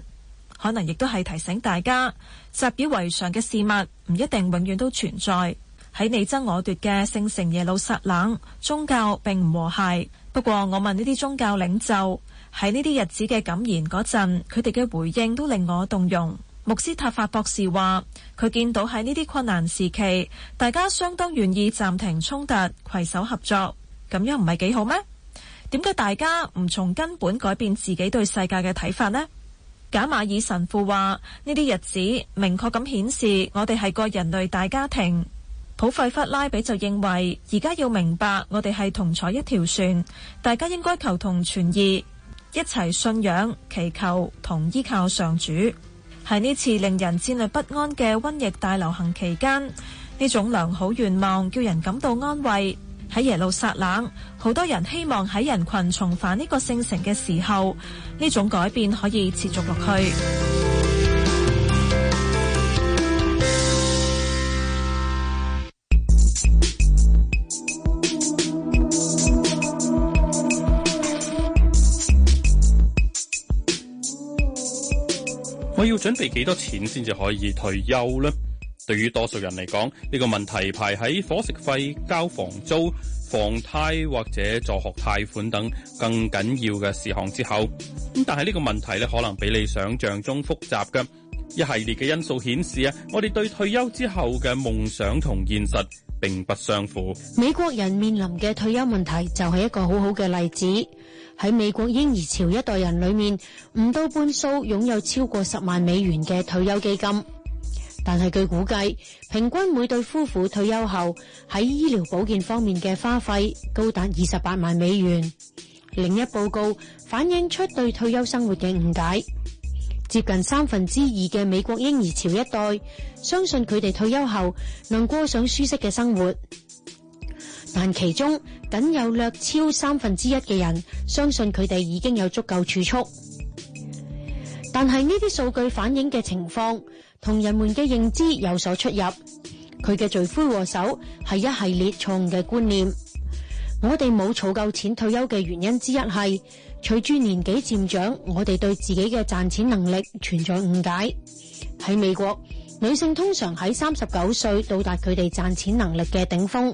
可能亦都係提醒大家，習以為常嘅事物唔一定永遠都存在。喺你爭我奪嘅聖城耶路撒冷，宗教並唔和諧。不過，我問呢啲宗教領袖，喺呢啲日子嘅感言嗰陣，佢哋嘅回應都令我動容。穆斯塔法博士話：佢見到喺呢啲困難時期，大家相當願意暫停衝突，攜手合作，咁樣唔係幾好咩？點解大家唔從根本改變自己對世界嘅睇法呢？賈馬爾神父話：呢啲日子明確咁顯示我哋係個人類大家庭。普費弗拉比就認為，而家要明白我哋係同坐一條船，大家應該求同存異。一齊信仰、祈求同依靠上主，喺呢次令人焦慮不安嘅瘟疫大流行期間，呢種良好願望叫人感到安慰。喺耶路撒冷，好多人希望喺人群重返呢個聖城嘅時候，呢種改變可以持續落去。準備幾多錢先至可以退休呢？對於多數人嚟講，呢個問題排喺伙食費、交房租、房貸或者助學貸款等更緊要嘅事項之後。但係呢個問題咧，可能比你想象中複雜嘅。一系列嘅因素顯示啊，我哋對退休之後嘅夢想同現實並不相符。美國人面臨嘅退休問題就係一個好好嘅例子。喺美國嬰兒潮一代人裏面，唔到半數擁有超過十萬美元嘅退休基金，但係據估計，平均每對夫婦退休後喺醫療保健方面嘅花費高達二十八萬美元。另一報告反映出對退休生活嘅誤解，接近三分之二嘅美國嬰兒潮一代相信佢哋退休後能過上舒適嘅生活。但其中僅有略超三分之一嘅人相信佢哋已經有足夠儲蓄。但係呢啲數據反映嘅情況同人們嘅認知有所出入。佢嘅罪魁禍首係一系列錯誤嘅觀念。我哋冇儲夠錢退休嘅原因之一係隨住年紀漸長，我哋對自己嘅賺錢能力存在誤解。喺美國，女性通常喺三十九歲到達佢哋賺錢能力嘅頂峰。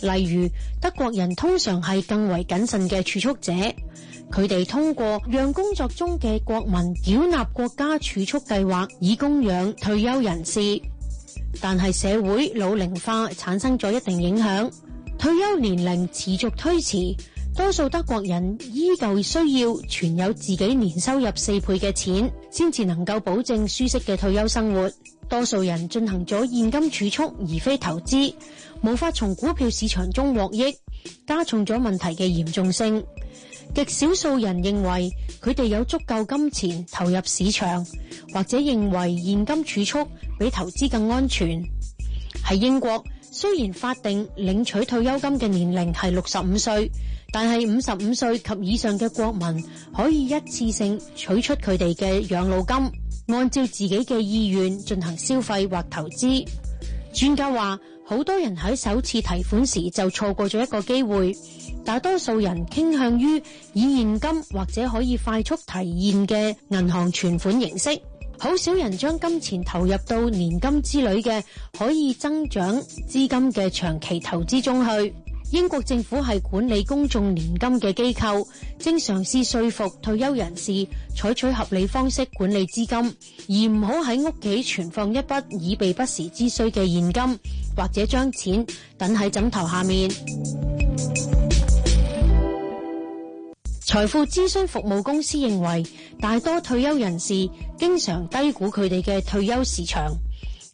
例如，德國人通常係更為謹慎嘅儲蓄者，佢哋通過讓工作中嘅國民繳納國家儲蓄計劃以供養退休人士。但係社會老齡化產生咗一定影響，退休年齡持續推遲，多數德國人依舊需要存有自己年收入四倍嘅錢，先至能夠保證舒適嘅退休生活。多數人進行咗現金儲蓄而非投資，無法從股票市場中獲益，加重咗問題嘅嚴重性。極少數人認為佢哋有足夠金錢投入市場，或者認為現金儲蓄比投資更安全。喺英國，雖然法定領取退休金嘅年齡係六十五歲，但係五十五歲及以上嘅國民可以一次性取出佢哋嘅養老金。按照自己嘅意願進行消費或投資。專家話，好多人喺首次提款時就錯過咗一個機會。大多數人傾向於以現金或者可以快速提現嘅銀行存款形式，好少人將金錢投入到年金之類嘅可以增長資金嘅長期投資中去。英國政府係管理公眾年金嘅機構，正嘗試說服退休人士採取合理方式管理資金，而唔好喺屋企存放一筆以備不時之需嘅現金，或者將錢等喺枕頭下面。財 (music) 富諮詢服務公司認為，大多退休人士經常低估佢哋嘅退休市場。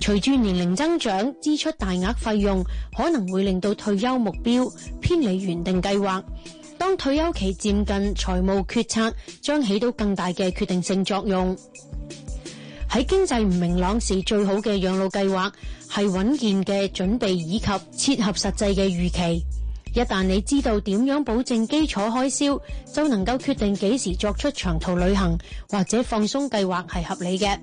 隨住年齡增長，支出大額費用可能會令到退休目標偏離原定計劃。當退休期漸近，財務決策將起到更大嘅決定性作用。喺經濟唔明朗時，最好嘅養老計劃係穩健嘅準備以及切合實際嘅預期。一旦你知道點樣保證基礎開銷，就能夠決定幾時作出長途旅行或者放鬆計劃係合理嘅。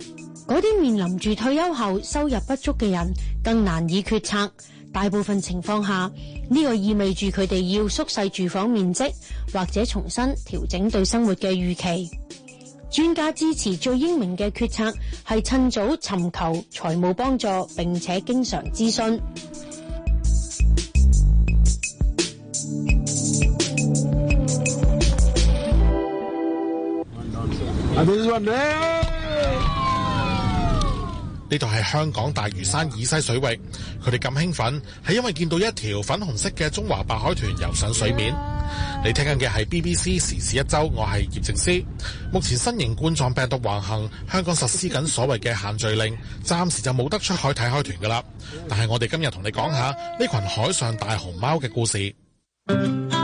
嗰啲面臨住退休後收入不足嘅人，更難以決策。大部分情況下，呢個意味住佢哋要縮細住房面積，或者重新調整對生活嘅預期。專家支持最英明嘅決策，係趁早尋求財務幫助，並且經常諮詢。呢度係香港大嶼山以西水域，佢哋咁興奮係因為見到一條粉紅色嘅中華白海豚游上水面。你聽緊嘅係 BBC 時事一周，我係葉靜思。目前新型冠狀病毒橫行，香港實施緊所謂嘅限聚令，暫時就冇得出海睇海豚噶啦。但係我哋今日同你講下呢群海上大熊貓嘅故事。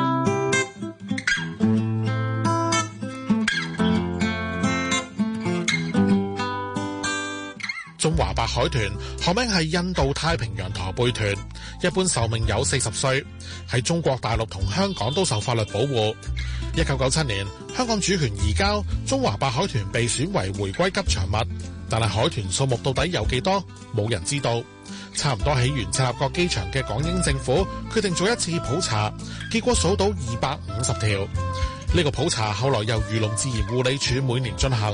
中華白海豚學名係印度太平洋駝背豚，一般壽命有四十歲，喺中國大陸同香港都受法律保護。一九九七年香港主權移交，中華白海豚被選為回歸吉祥物，但係海豚數目到底有幾多？冇人知道。差唔多起完赤鱲角機場嘅港英政府決定做一次普查，結果數到二百五十條。呢、這個普查後來由漁農自然護理署每年進行。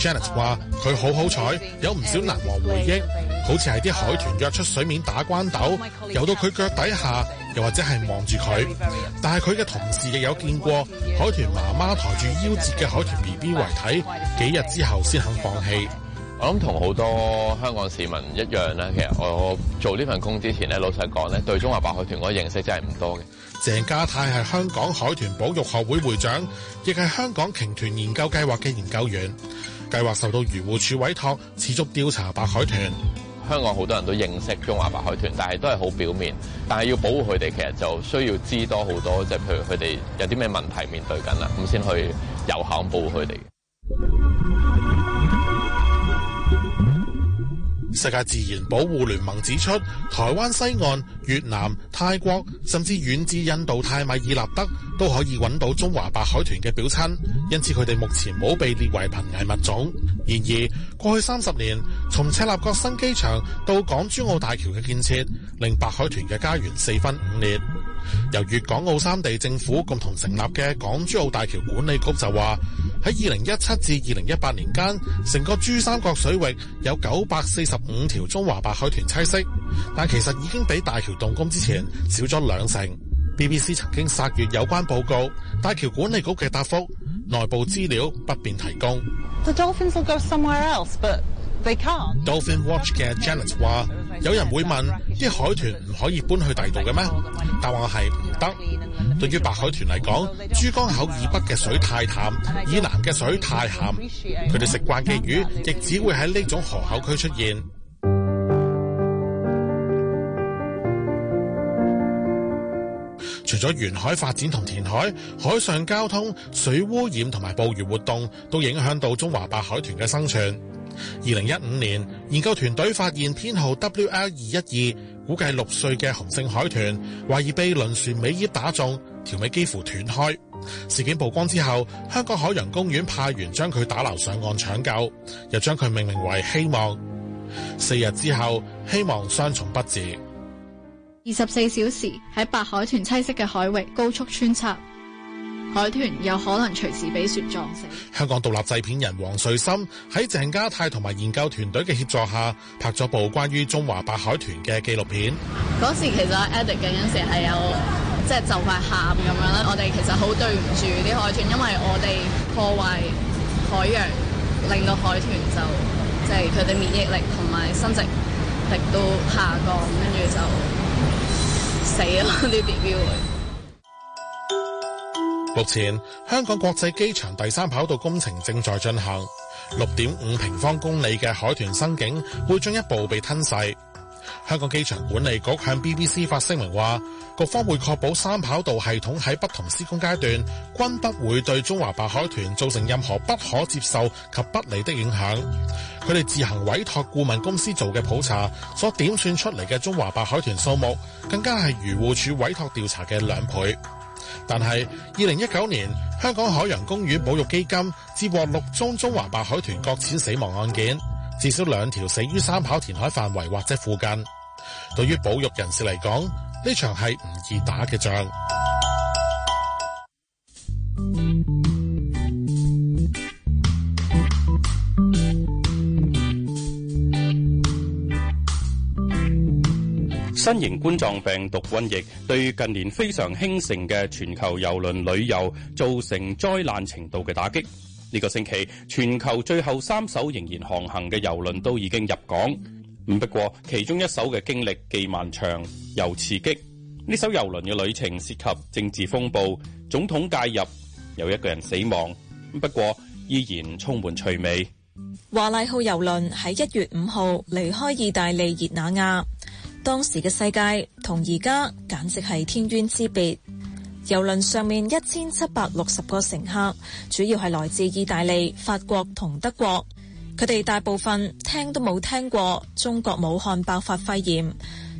Janice 話：佢好好彩，有唔少難忘回憶，好似係啲海豚躍出水面打關鬥，游到佢腳底下，又或者係望住佢。但係佢嘅同事亦有見過海豚媽媽抬住夭折嘅海豚 B B 遺體，幾日之後先肯放棄。我諗同好多香港市民一樣啦。其實我做呢份工之前咧，老實講咧，對中華白海豚我個認識真係唔多嘅。鄭家泰係香港海豚保育學會會長，亦係香港鯨豚研究計劃嘅研究員。計劃受到漁護署委託，持續調查白海豚。香港好多人都認識中華白海豚，但係都係好表面。但係要保護佢哋，其實就需要知多好多，就是、譬如佢哋有啲咩問題面對緊啦，咁先去有效保護佢哋。世界自然保護聯盟指出，台灣西岸、越南、泰國，甚至遠至印度泰米爾納德，都可以揾到中華白海豚嘅表親，因此佢哋目前冇被列為瀕危物種。然而，過去三十年，從赤鱲角新機場到港珠澳大橋嘅建設，令白海豚嘅家園四分五裂。由粵港澳三地政府共同成立嘅港珠澳大橋管理局就話，喺二零一七至二零一八年間，成個珠三角水域有九百四十五條中華白海豚棲息，但其實已經比大橋動工之前少咗兩成。BBC 曾經查閱有關報告，大橋管理局嘅答覆內部資料不便提供。The Dolphin Watch 嘅 Janice 話，有人會問，啲海豚唔可以搬去第度嘅咩？答案係唔得。對於白海豚嚟講， (noise) 珠江口以北嘅水太淡， (noise) 以南嘅水太鹹，佢哋食慣嘅魚亦 (noise) 只會喺呢種河口區出現。 (noise) 除咗沿海發展同填海、海上交通、水污染同埋捕魚活動，都影響到中華白海豚嘅生存。二零一五年，研究團隊發現編號 WL 二一二，估計六歲嘅雄性海豚，懷疑被輪船尾翼打中，條尾幾乎斷開。事件曝光之後，香港海洋公園派員將佢打撈上岸搶救，又將佢命名為希望。四日之後，希望傷重不治。二十四小時喺白海豚棲息嘅海域高速穿插。海豚有可能隨時被船撞死。香港獨立製片人黃瑞森喺鄭家泰同埋研究團隊嘅協助下，拍咗部關於中華白海豚嘅紀錄片。嗰時其實 edit 嘅陣時，係有即係就是、快喊咁樣啦。我哋其實好對唔住啲海豚，因為我哋破壞海洋，令到海豚就即係佢哋免疫力同埋生殖力都下降，跟住就死咯啲 baby。 (laughs) 目前香港國際機場第三跑道工程正在進行，六點五平方公里嘅海豚生境會進一步被吞噬。香港機場管理局向 BBC 發聲明話，局方會確保三跑道系統喺不同施工階段均不會對中華白海豚造成任何不可接受及不利的影響。佢哋自行委託顧問公司做嘅普查所點算出嚟嘅中華白海豚數目，更加係漁護署委託調查嘅兩倍。但係，二零一九年香港海洋公園保育基金接獲六宗中華白海豚擱淺死亡案件，至少兩條死於三跑填海範圍或者附近。對於保育人士嚟講，呢場係唔易打嘅仗。新型冠狀病毒瘟疫對近年非常興盛嘅全球郵輪旅遊造成災難程度嘅打擊。呢、這個星期，全球最後三艘仍然航行嘅郵輪都已經入港。不過，其中一艘嘅經歷既漫長又刺激。呢艘郵輪嘅旅程涉及政治風暴、總統介入，有一個人死亡。不過，依然充滿趣味。華麗號郵輪喺一月五號離開意大利熱那亞。當時嘅世界同而家簡直係天淵之別。郵輪上面一千七百六十個乘客，主要係來自意大利、法國同德國，佢哋大部分聽都冇聽過中國武漢爆發肺炎，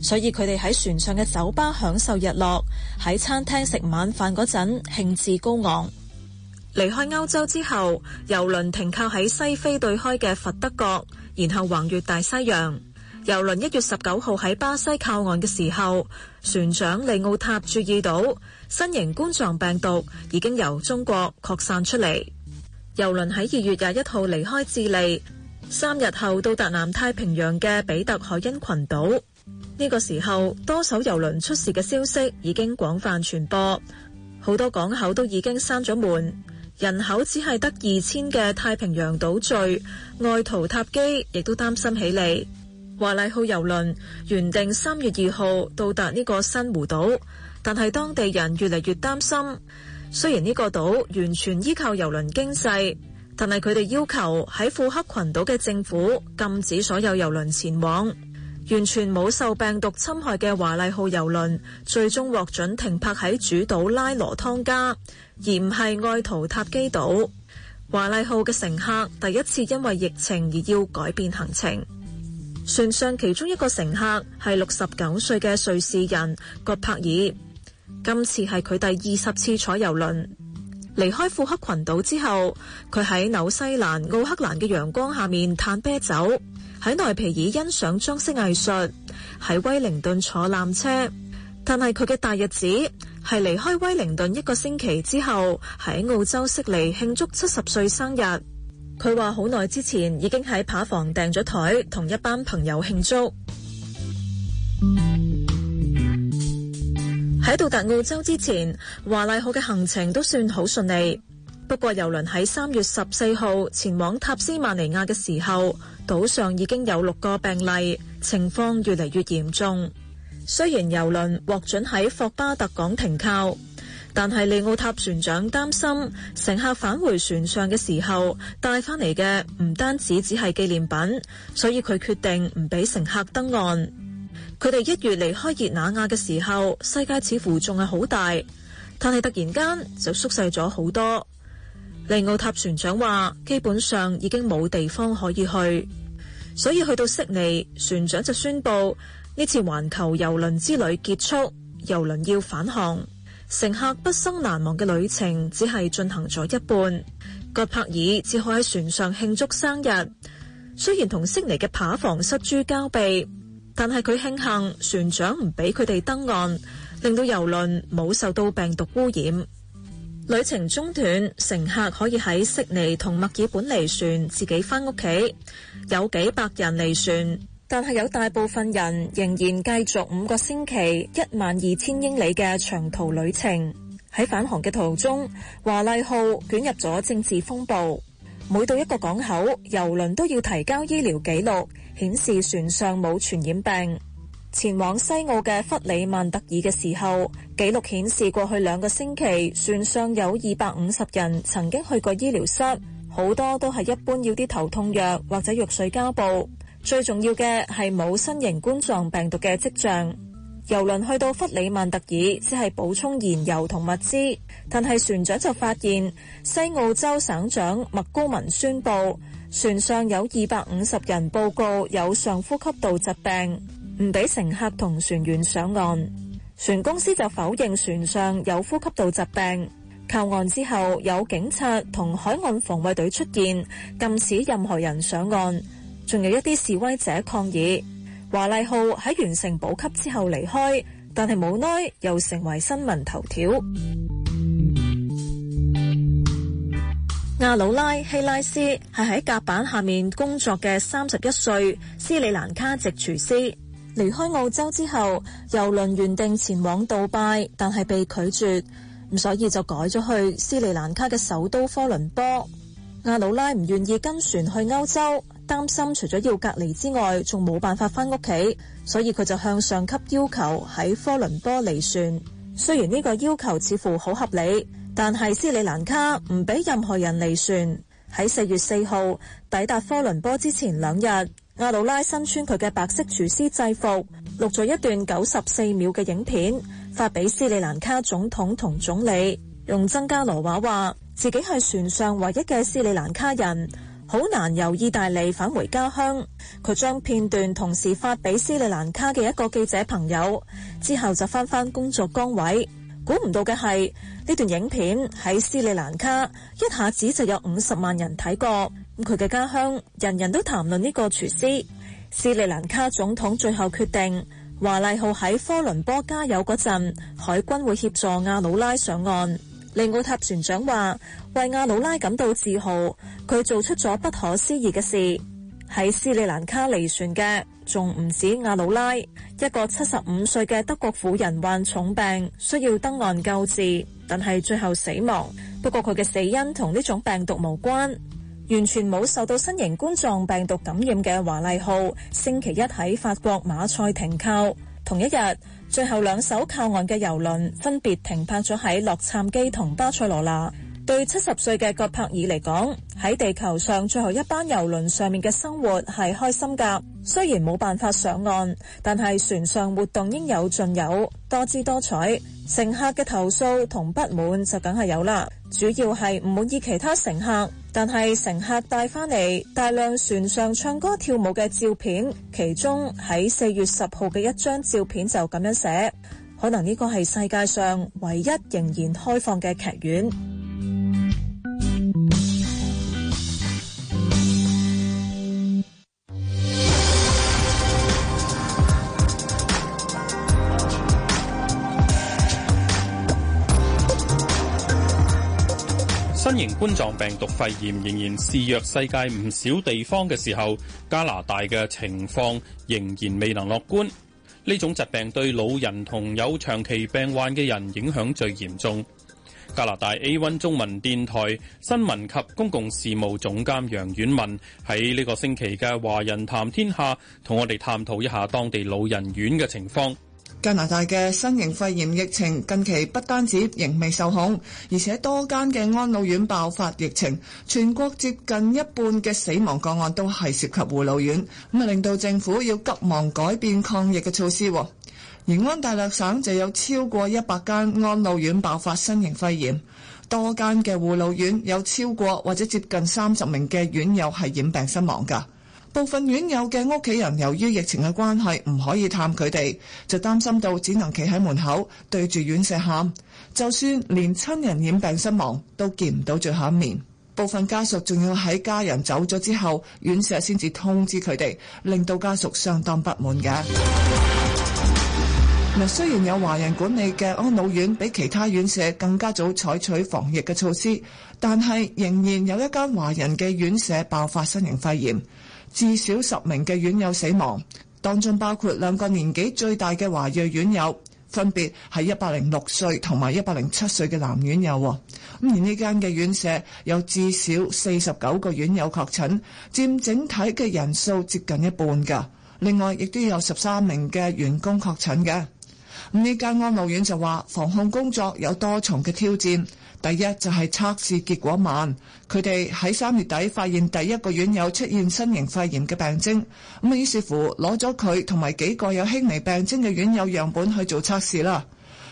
所以佢哋喺船上嘅酒吧享受日落，喺餐廳食晚飯嗰陣興致高昂。離開歐洲之後，郵輪停靠喺西非對開嘅佛得角，然後橫越大西洋。郵輪一月十九號喺巴西靠岸嘅時候，船長利奧塔注意到新型冠狀病毒已經由中國擴散出嚟。郵輪喺二月廿一號離開智利，三日後到達南太平洋嘅比特海因群島。呢個時候，多艘郵輪出事嘅消息已經廣泛傳播，好多港口都已經閂咗門。人口只係得二千嘅太平洋島嶼愛圖塔基，亦都擔心起嚟。華麗號郵輪原定三月二號到達呢個珊瑚島，但係當地人越嚟越擔心。雖然呢個島完全依靠郵輪經濟，但係佢哋要求喺庫克群島嘅政府禁止所有郵輪前往。完全冇受病毒侵害嘅華麗號郵輪最終獲准停泊喺主島拉羅湯加，而唔係愛圖塔基島。華麗號嘅乘客第一次因為疫情而要改變行程。船上其中一個乘客係六十九歲嘅瑞士人郭柏爾，今次係佢第二十次坐遊輪。離開庫克群島之後，佢喺紐西蘭奧克蘭嘅陽光下面嘆啤酒，喺內皮爾欣賞裝飾藝術，喺威靈頓坐纜車，但係佢嘅大日子，係離開威靈頓一個星期之後，喺澳洲悉尼慶祝七十歲生日。佢話好耐之前已經喺扒房訂咗台，同一班朋友慶祝。喺到達澳洲之前，華麗號嘅行程都算好順利。不過郵輪喺三月十四號前往塔斯馬尼亞嘅時候，島上已經有六個病例，情況越嚟越嚴重。雖然郵輪獲准喺霍巴特港停靠。但係，利奧塔船長擔心乘客返回船上嘅時候帶翻嚟嘅唔單止只係紀念品，所以佢決定唔俾乘客登岸。佢哋一月離開熱那亞嘅時候，世界似乎仲係好大，但係突然間就縮細咗好多。利奧塔船長話，基本上已經冇地方可以去，所以去到悉尼，船長就宣布呢次環球郵輪之旅結束，郵輪要返航。乘客畢生難忘嘅旅程只係進行咗一半，葛柏爾只好喺船上慶祝生日。雖然同悉尼嘅扒房失諸交臂，但係佢慶幸船長唔俾佢哋登岸，令到郵輪冇受到病毒污染。旅程中斷，乘客可以喺悉尼同墨爾本離船自己返屋企，有幾百人離船。但係有大部分人仍然繼續五個星期一萬二千英里嘅長途旅程。喺返航嘅途中，華麗號捲入咗政治風暴。每到一個港口，郵輪都要提交醫療紀錄，顯示船上冇傳染病。前往西澳嘅弗里曼特爾嘅時候，紀錄顯示過去兩個星期，船上有二百五十人曾經去過醫療室，好多都係一般要啲頭痛藥或者藥水膠布。最重要嘅係冇新型冠狀病毒嘅跡象。遊輪去到弗里曼特爾，只係補充燃油同物資，但係船長就發現，西澳洲省長麥高文宣布船上有二百五十人報告有上呼吸道疾病，唔俾乘客同船員上岸。船公司就否認船上有呼吸道疾病。靠岸之後有警察同海岸防衛隊出現，禁止任何人上岸。仲有一啲示威者抗議，華麗號喺完成補給之後離開，但係冇耐又成為新聞頭條。亞魯拉希拉斯係喺甲板下面工作嘅三十一歲斯里蘭卡籍廚師。離開澳洲之後，郵輪原定前往杜拜，但係被拒絕，咁所以就改咗去斯里蘭卡嘅首都科倫坡。亞魯拉唔願意跟船去歐洲。擔心除咗要隔離之外，仲冇辦法返屋企，所以佢就向上級要求喺科倫坡離船。雖然呢個要求似乎好合理，但係斯里蘭卡唔俾任何人離船。喺四月四號抵達科倫坡之前兩日，阿努拉身穿佢嘅白色廚師制服，錄咗一段九十四秒嘅影片，發俾斯里蘭卡總統同總理。用僧伽羅話，話自己係船上唯一嘅斯里蘭卡人，好難由意大利返回家鄉，佢將片段同時發俾斯里蘭卡嘅一個記者朋友，之後就翻返工作崗位。估唔到嘅係，呢段影片喺斯里蘭卡一下子就有五十萬人睇過，佢嘅家鄉人人都談論呢個廚師。斯里蘭卡總統最後決定，華麗號喺科倫坡加油嗰陣，海軍會協助亞努拉上岸。利奧塔船長話：為亞努拉感到自豪，佢做出咗不可思議嘅事。喺斯里蘭卡離船嘅，仲唔止亞努拉，一個七十五歲嘅德國婦人患重病，需要登岸救治，但係最後死亡。不過佢嘅死因同呢種病毒無關，完全冇受到新型冠狀病毒感染嘅華麗號星期一喺法國馬賽停靠，同一日。最後兩艘靠岸嘅郵輪分別停泊咗喺洛杉磯同巴塞羅那。對七十歲嘅葛柏爾嚟講，喺地球上最後一班郵輪上面嘅生活係開心㗎。雖然冇辦法上岸，但係船上活動應有盡有，多姿多彩。乘客嘅投訴同不滿就梗係有啦，主要係唔滿意其他乘客。但係乘客帶翻嚟大量船上唱歌跳舞嘅照片，其中喺四月十號嘅一張照片就咁樣寫：可能呢個係世界上唯一仍然開放嘅劇院。新型冠狀病毒肺炎仍然肆虐世界唔少地方嘅時候，加拿大嘅情況仍然未能樂觀。呢種疾病對老人同有長期病患嘅人影響最嚴重。加拿大 A1 中文電台新聞及公共事務總監楊婉文喺呢個星期嘅《華人談天下》同我哋探討一下當地老人院嘅情況。加拿大嘅新型肺炎疫情近期不單止仍未受控，而且多間嘅安老院爆發疫情，全國接近一半嘅死亡個案都係涉及護老院，咁啊令到政府要急忙改變抗疫嘅措施。而安大略省就有超過一百間安老院爆發新型肺炎，多間嘅護老院有超過或者接近三十名嘅院友係染病身亡㗎。部分院友嘅屋企人，由於疫情嘅關係唔可以探佢哋，就擔心到只能企喺門口對住院舍喊。就算連親人染病身亡，都見唔到最後一面。部分家屬仲要喺家人走咗之後，院舍先至通知佢哋，令到家屬相當不滿嘅。嗱， (noise) 雖然有華人管理嘅安老院比其他院舍更加早採取防疫嘅措施，但係仍然有一間華人嘅院舍爆發新型肺炎。至少十名嘅院友死亡，當中包括兩個年紀最大嘅華裔院友，分別係一百零六歲同埋一百零七歲嘅男院友。咁而呢間嘅院舍有至少四十九個院友確診，佔整體嘅人數接近一半噶。另外亦都有十三名嘅員工確診嘅。呢間安老院就話，防控工作有多重嘅挑戰。第一就係測試結果慢，佢哋喺三月底發現第一個院友出現新型肺炎嘅病徵，咁啊於是乎攞咗佢同埋幾個有輕微病徵嘅院友樣本去做測試啦。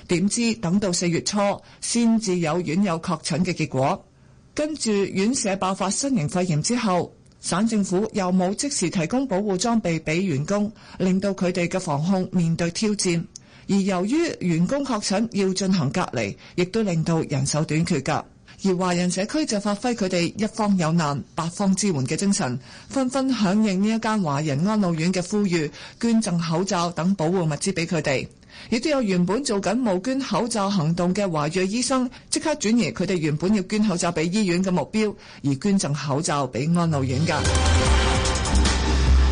點知等到四月初先至有院友確診嘅結果，跟住院舍爆發新型肺炎之後，省政府又冇即時提供保護裝備俾員工，令到佢哋嘅防控面對挑戰。而由於員工確診要進行隔離，亦都令到人手短缺㗎。而華人社區就發揮佢哋一方有難八方支援嘅精神，紛紛響應呢一間華人安老院嘅呼籲，捐贈口罩等保護物資俾佢哋。亦都有原本做緊募捐口罩行動嘅華裔醫生，即刻轉移佢哋原本要捐口罩俾醫院嘅目標，而捐贈口罩俾安老院㗎。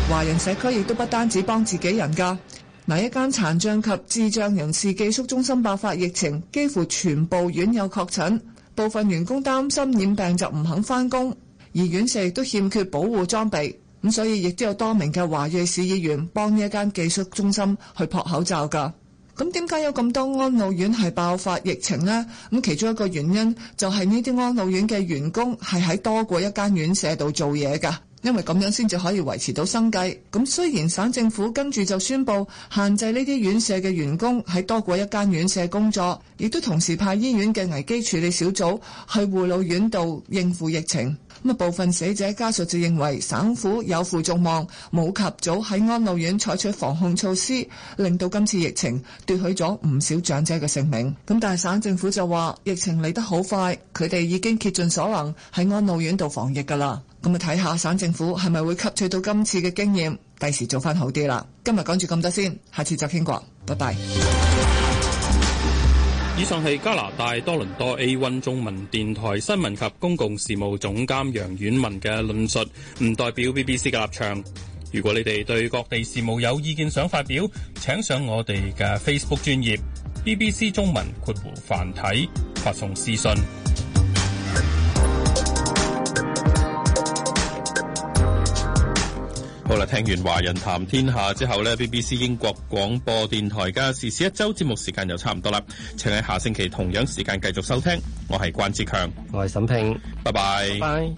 華人社區亦都不單止幫自己人㗎。嗱，一間殘障及智障人士寄宿中心爆發疫情，幾乎全部院友確診，部分員工擔心染病就唔肯返工，而院舍亦都欠缺保護裝備，咁所以亦都有多名嘅華裔市議員幫呢間寄宿中心去撲口罩㗎。咁點解有咁多安老院係爆發疫情呢？咁其中一個原因就係呢啲安老院嘅員工係喺多過一間院舍度做嘢㗎。因為咁樣先至可以維持到生計。咁雖然省政府跟住就宣佈限制呢啲院舍嘅員工喺多過一間院舍工作，亦都同時派醫院嘅危機處理小組去護老院度應付疫情。咁啊，部分死者家屬就認為省府有負眾望，冇及早喺安老院採取防控措施，令到今次疫情奪取咗唔少長者嘅性命。咁但係省政府就話，疫情嚟得好快，佢哋已經竭盡所能喺安老院度防疫噶啦。咁睇下省政府係咪會吸取到今次嘅經驗，第時做翻好啲啦。今日講住咁多先，下次再傾過。拜拜。以上係加拿大多倫多 A1 中文電台新聞及公共事務總監楊婉文嘅論述，唔代表 BBC 嘅立場。如果你哋對各地事務有意見想發表，請上我哋嘅 Facebook 專頁 BBC 中文括弧繁體發送私信。好啦，聽完華人談天下之後呢，BBC 英國廣播電台嘅時事一周節目時間又差唔多啦，請喺下星期同樣時間繼續收聽，我係關志強，我係沈平，拜拜 bye。Bye bye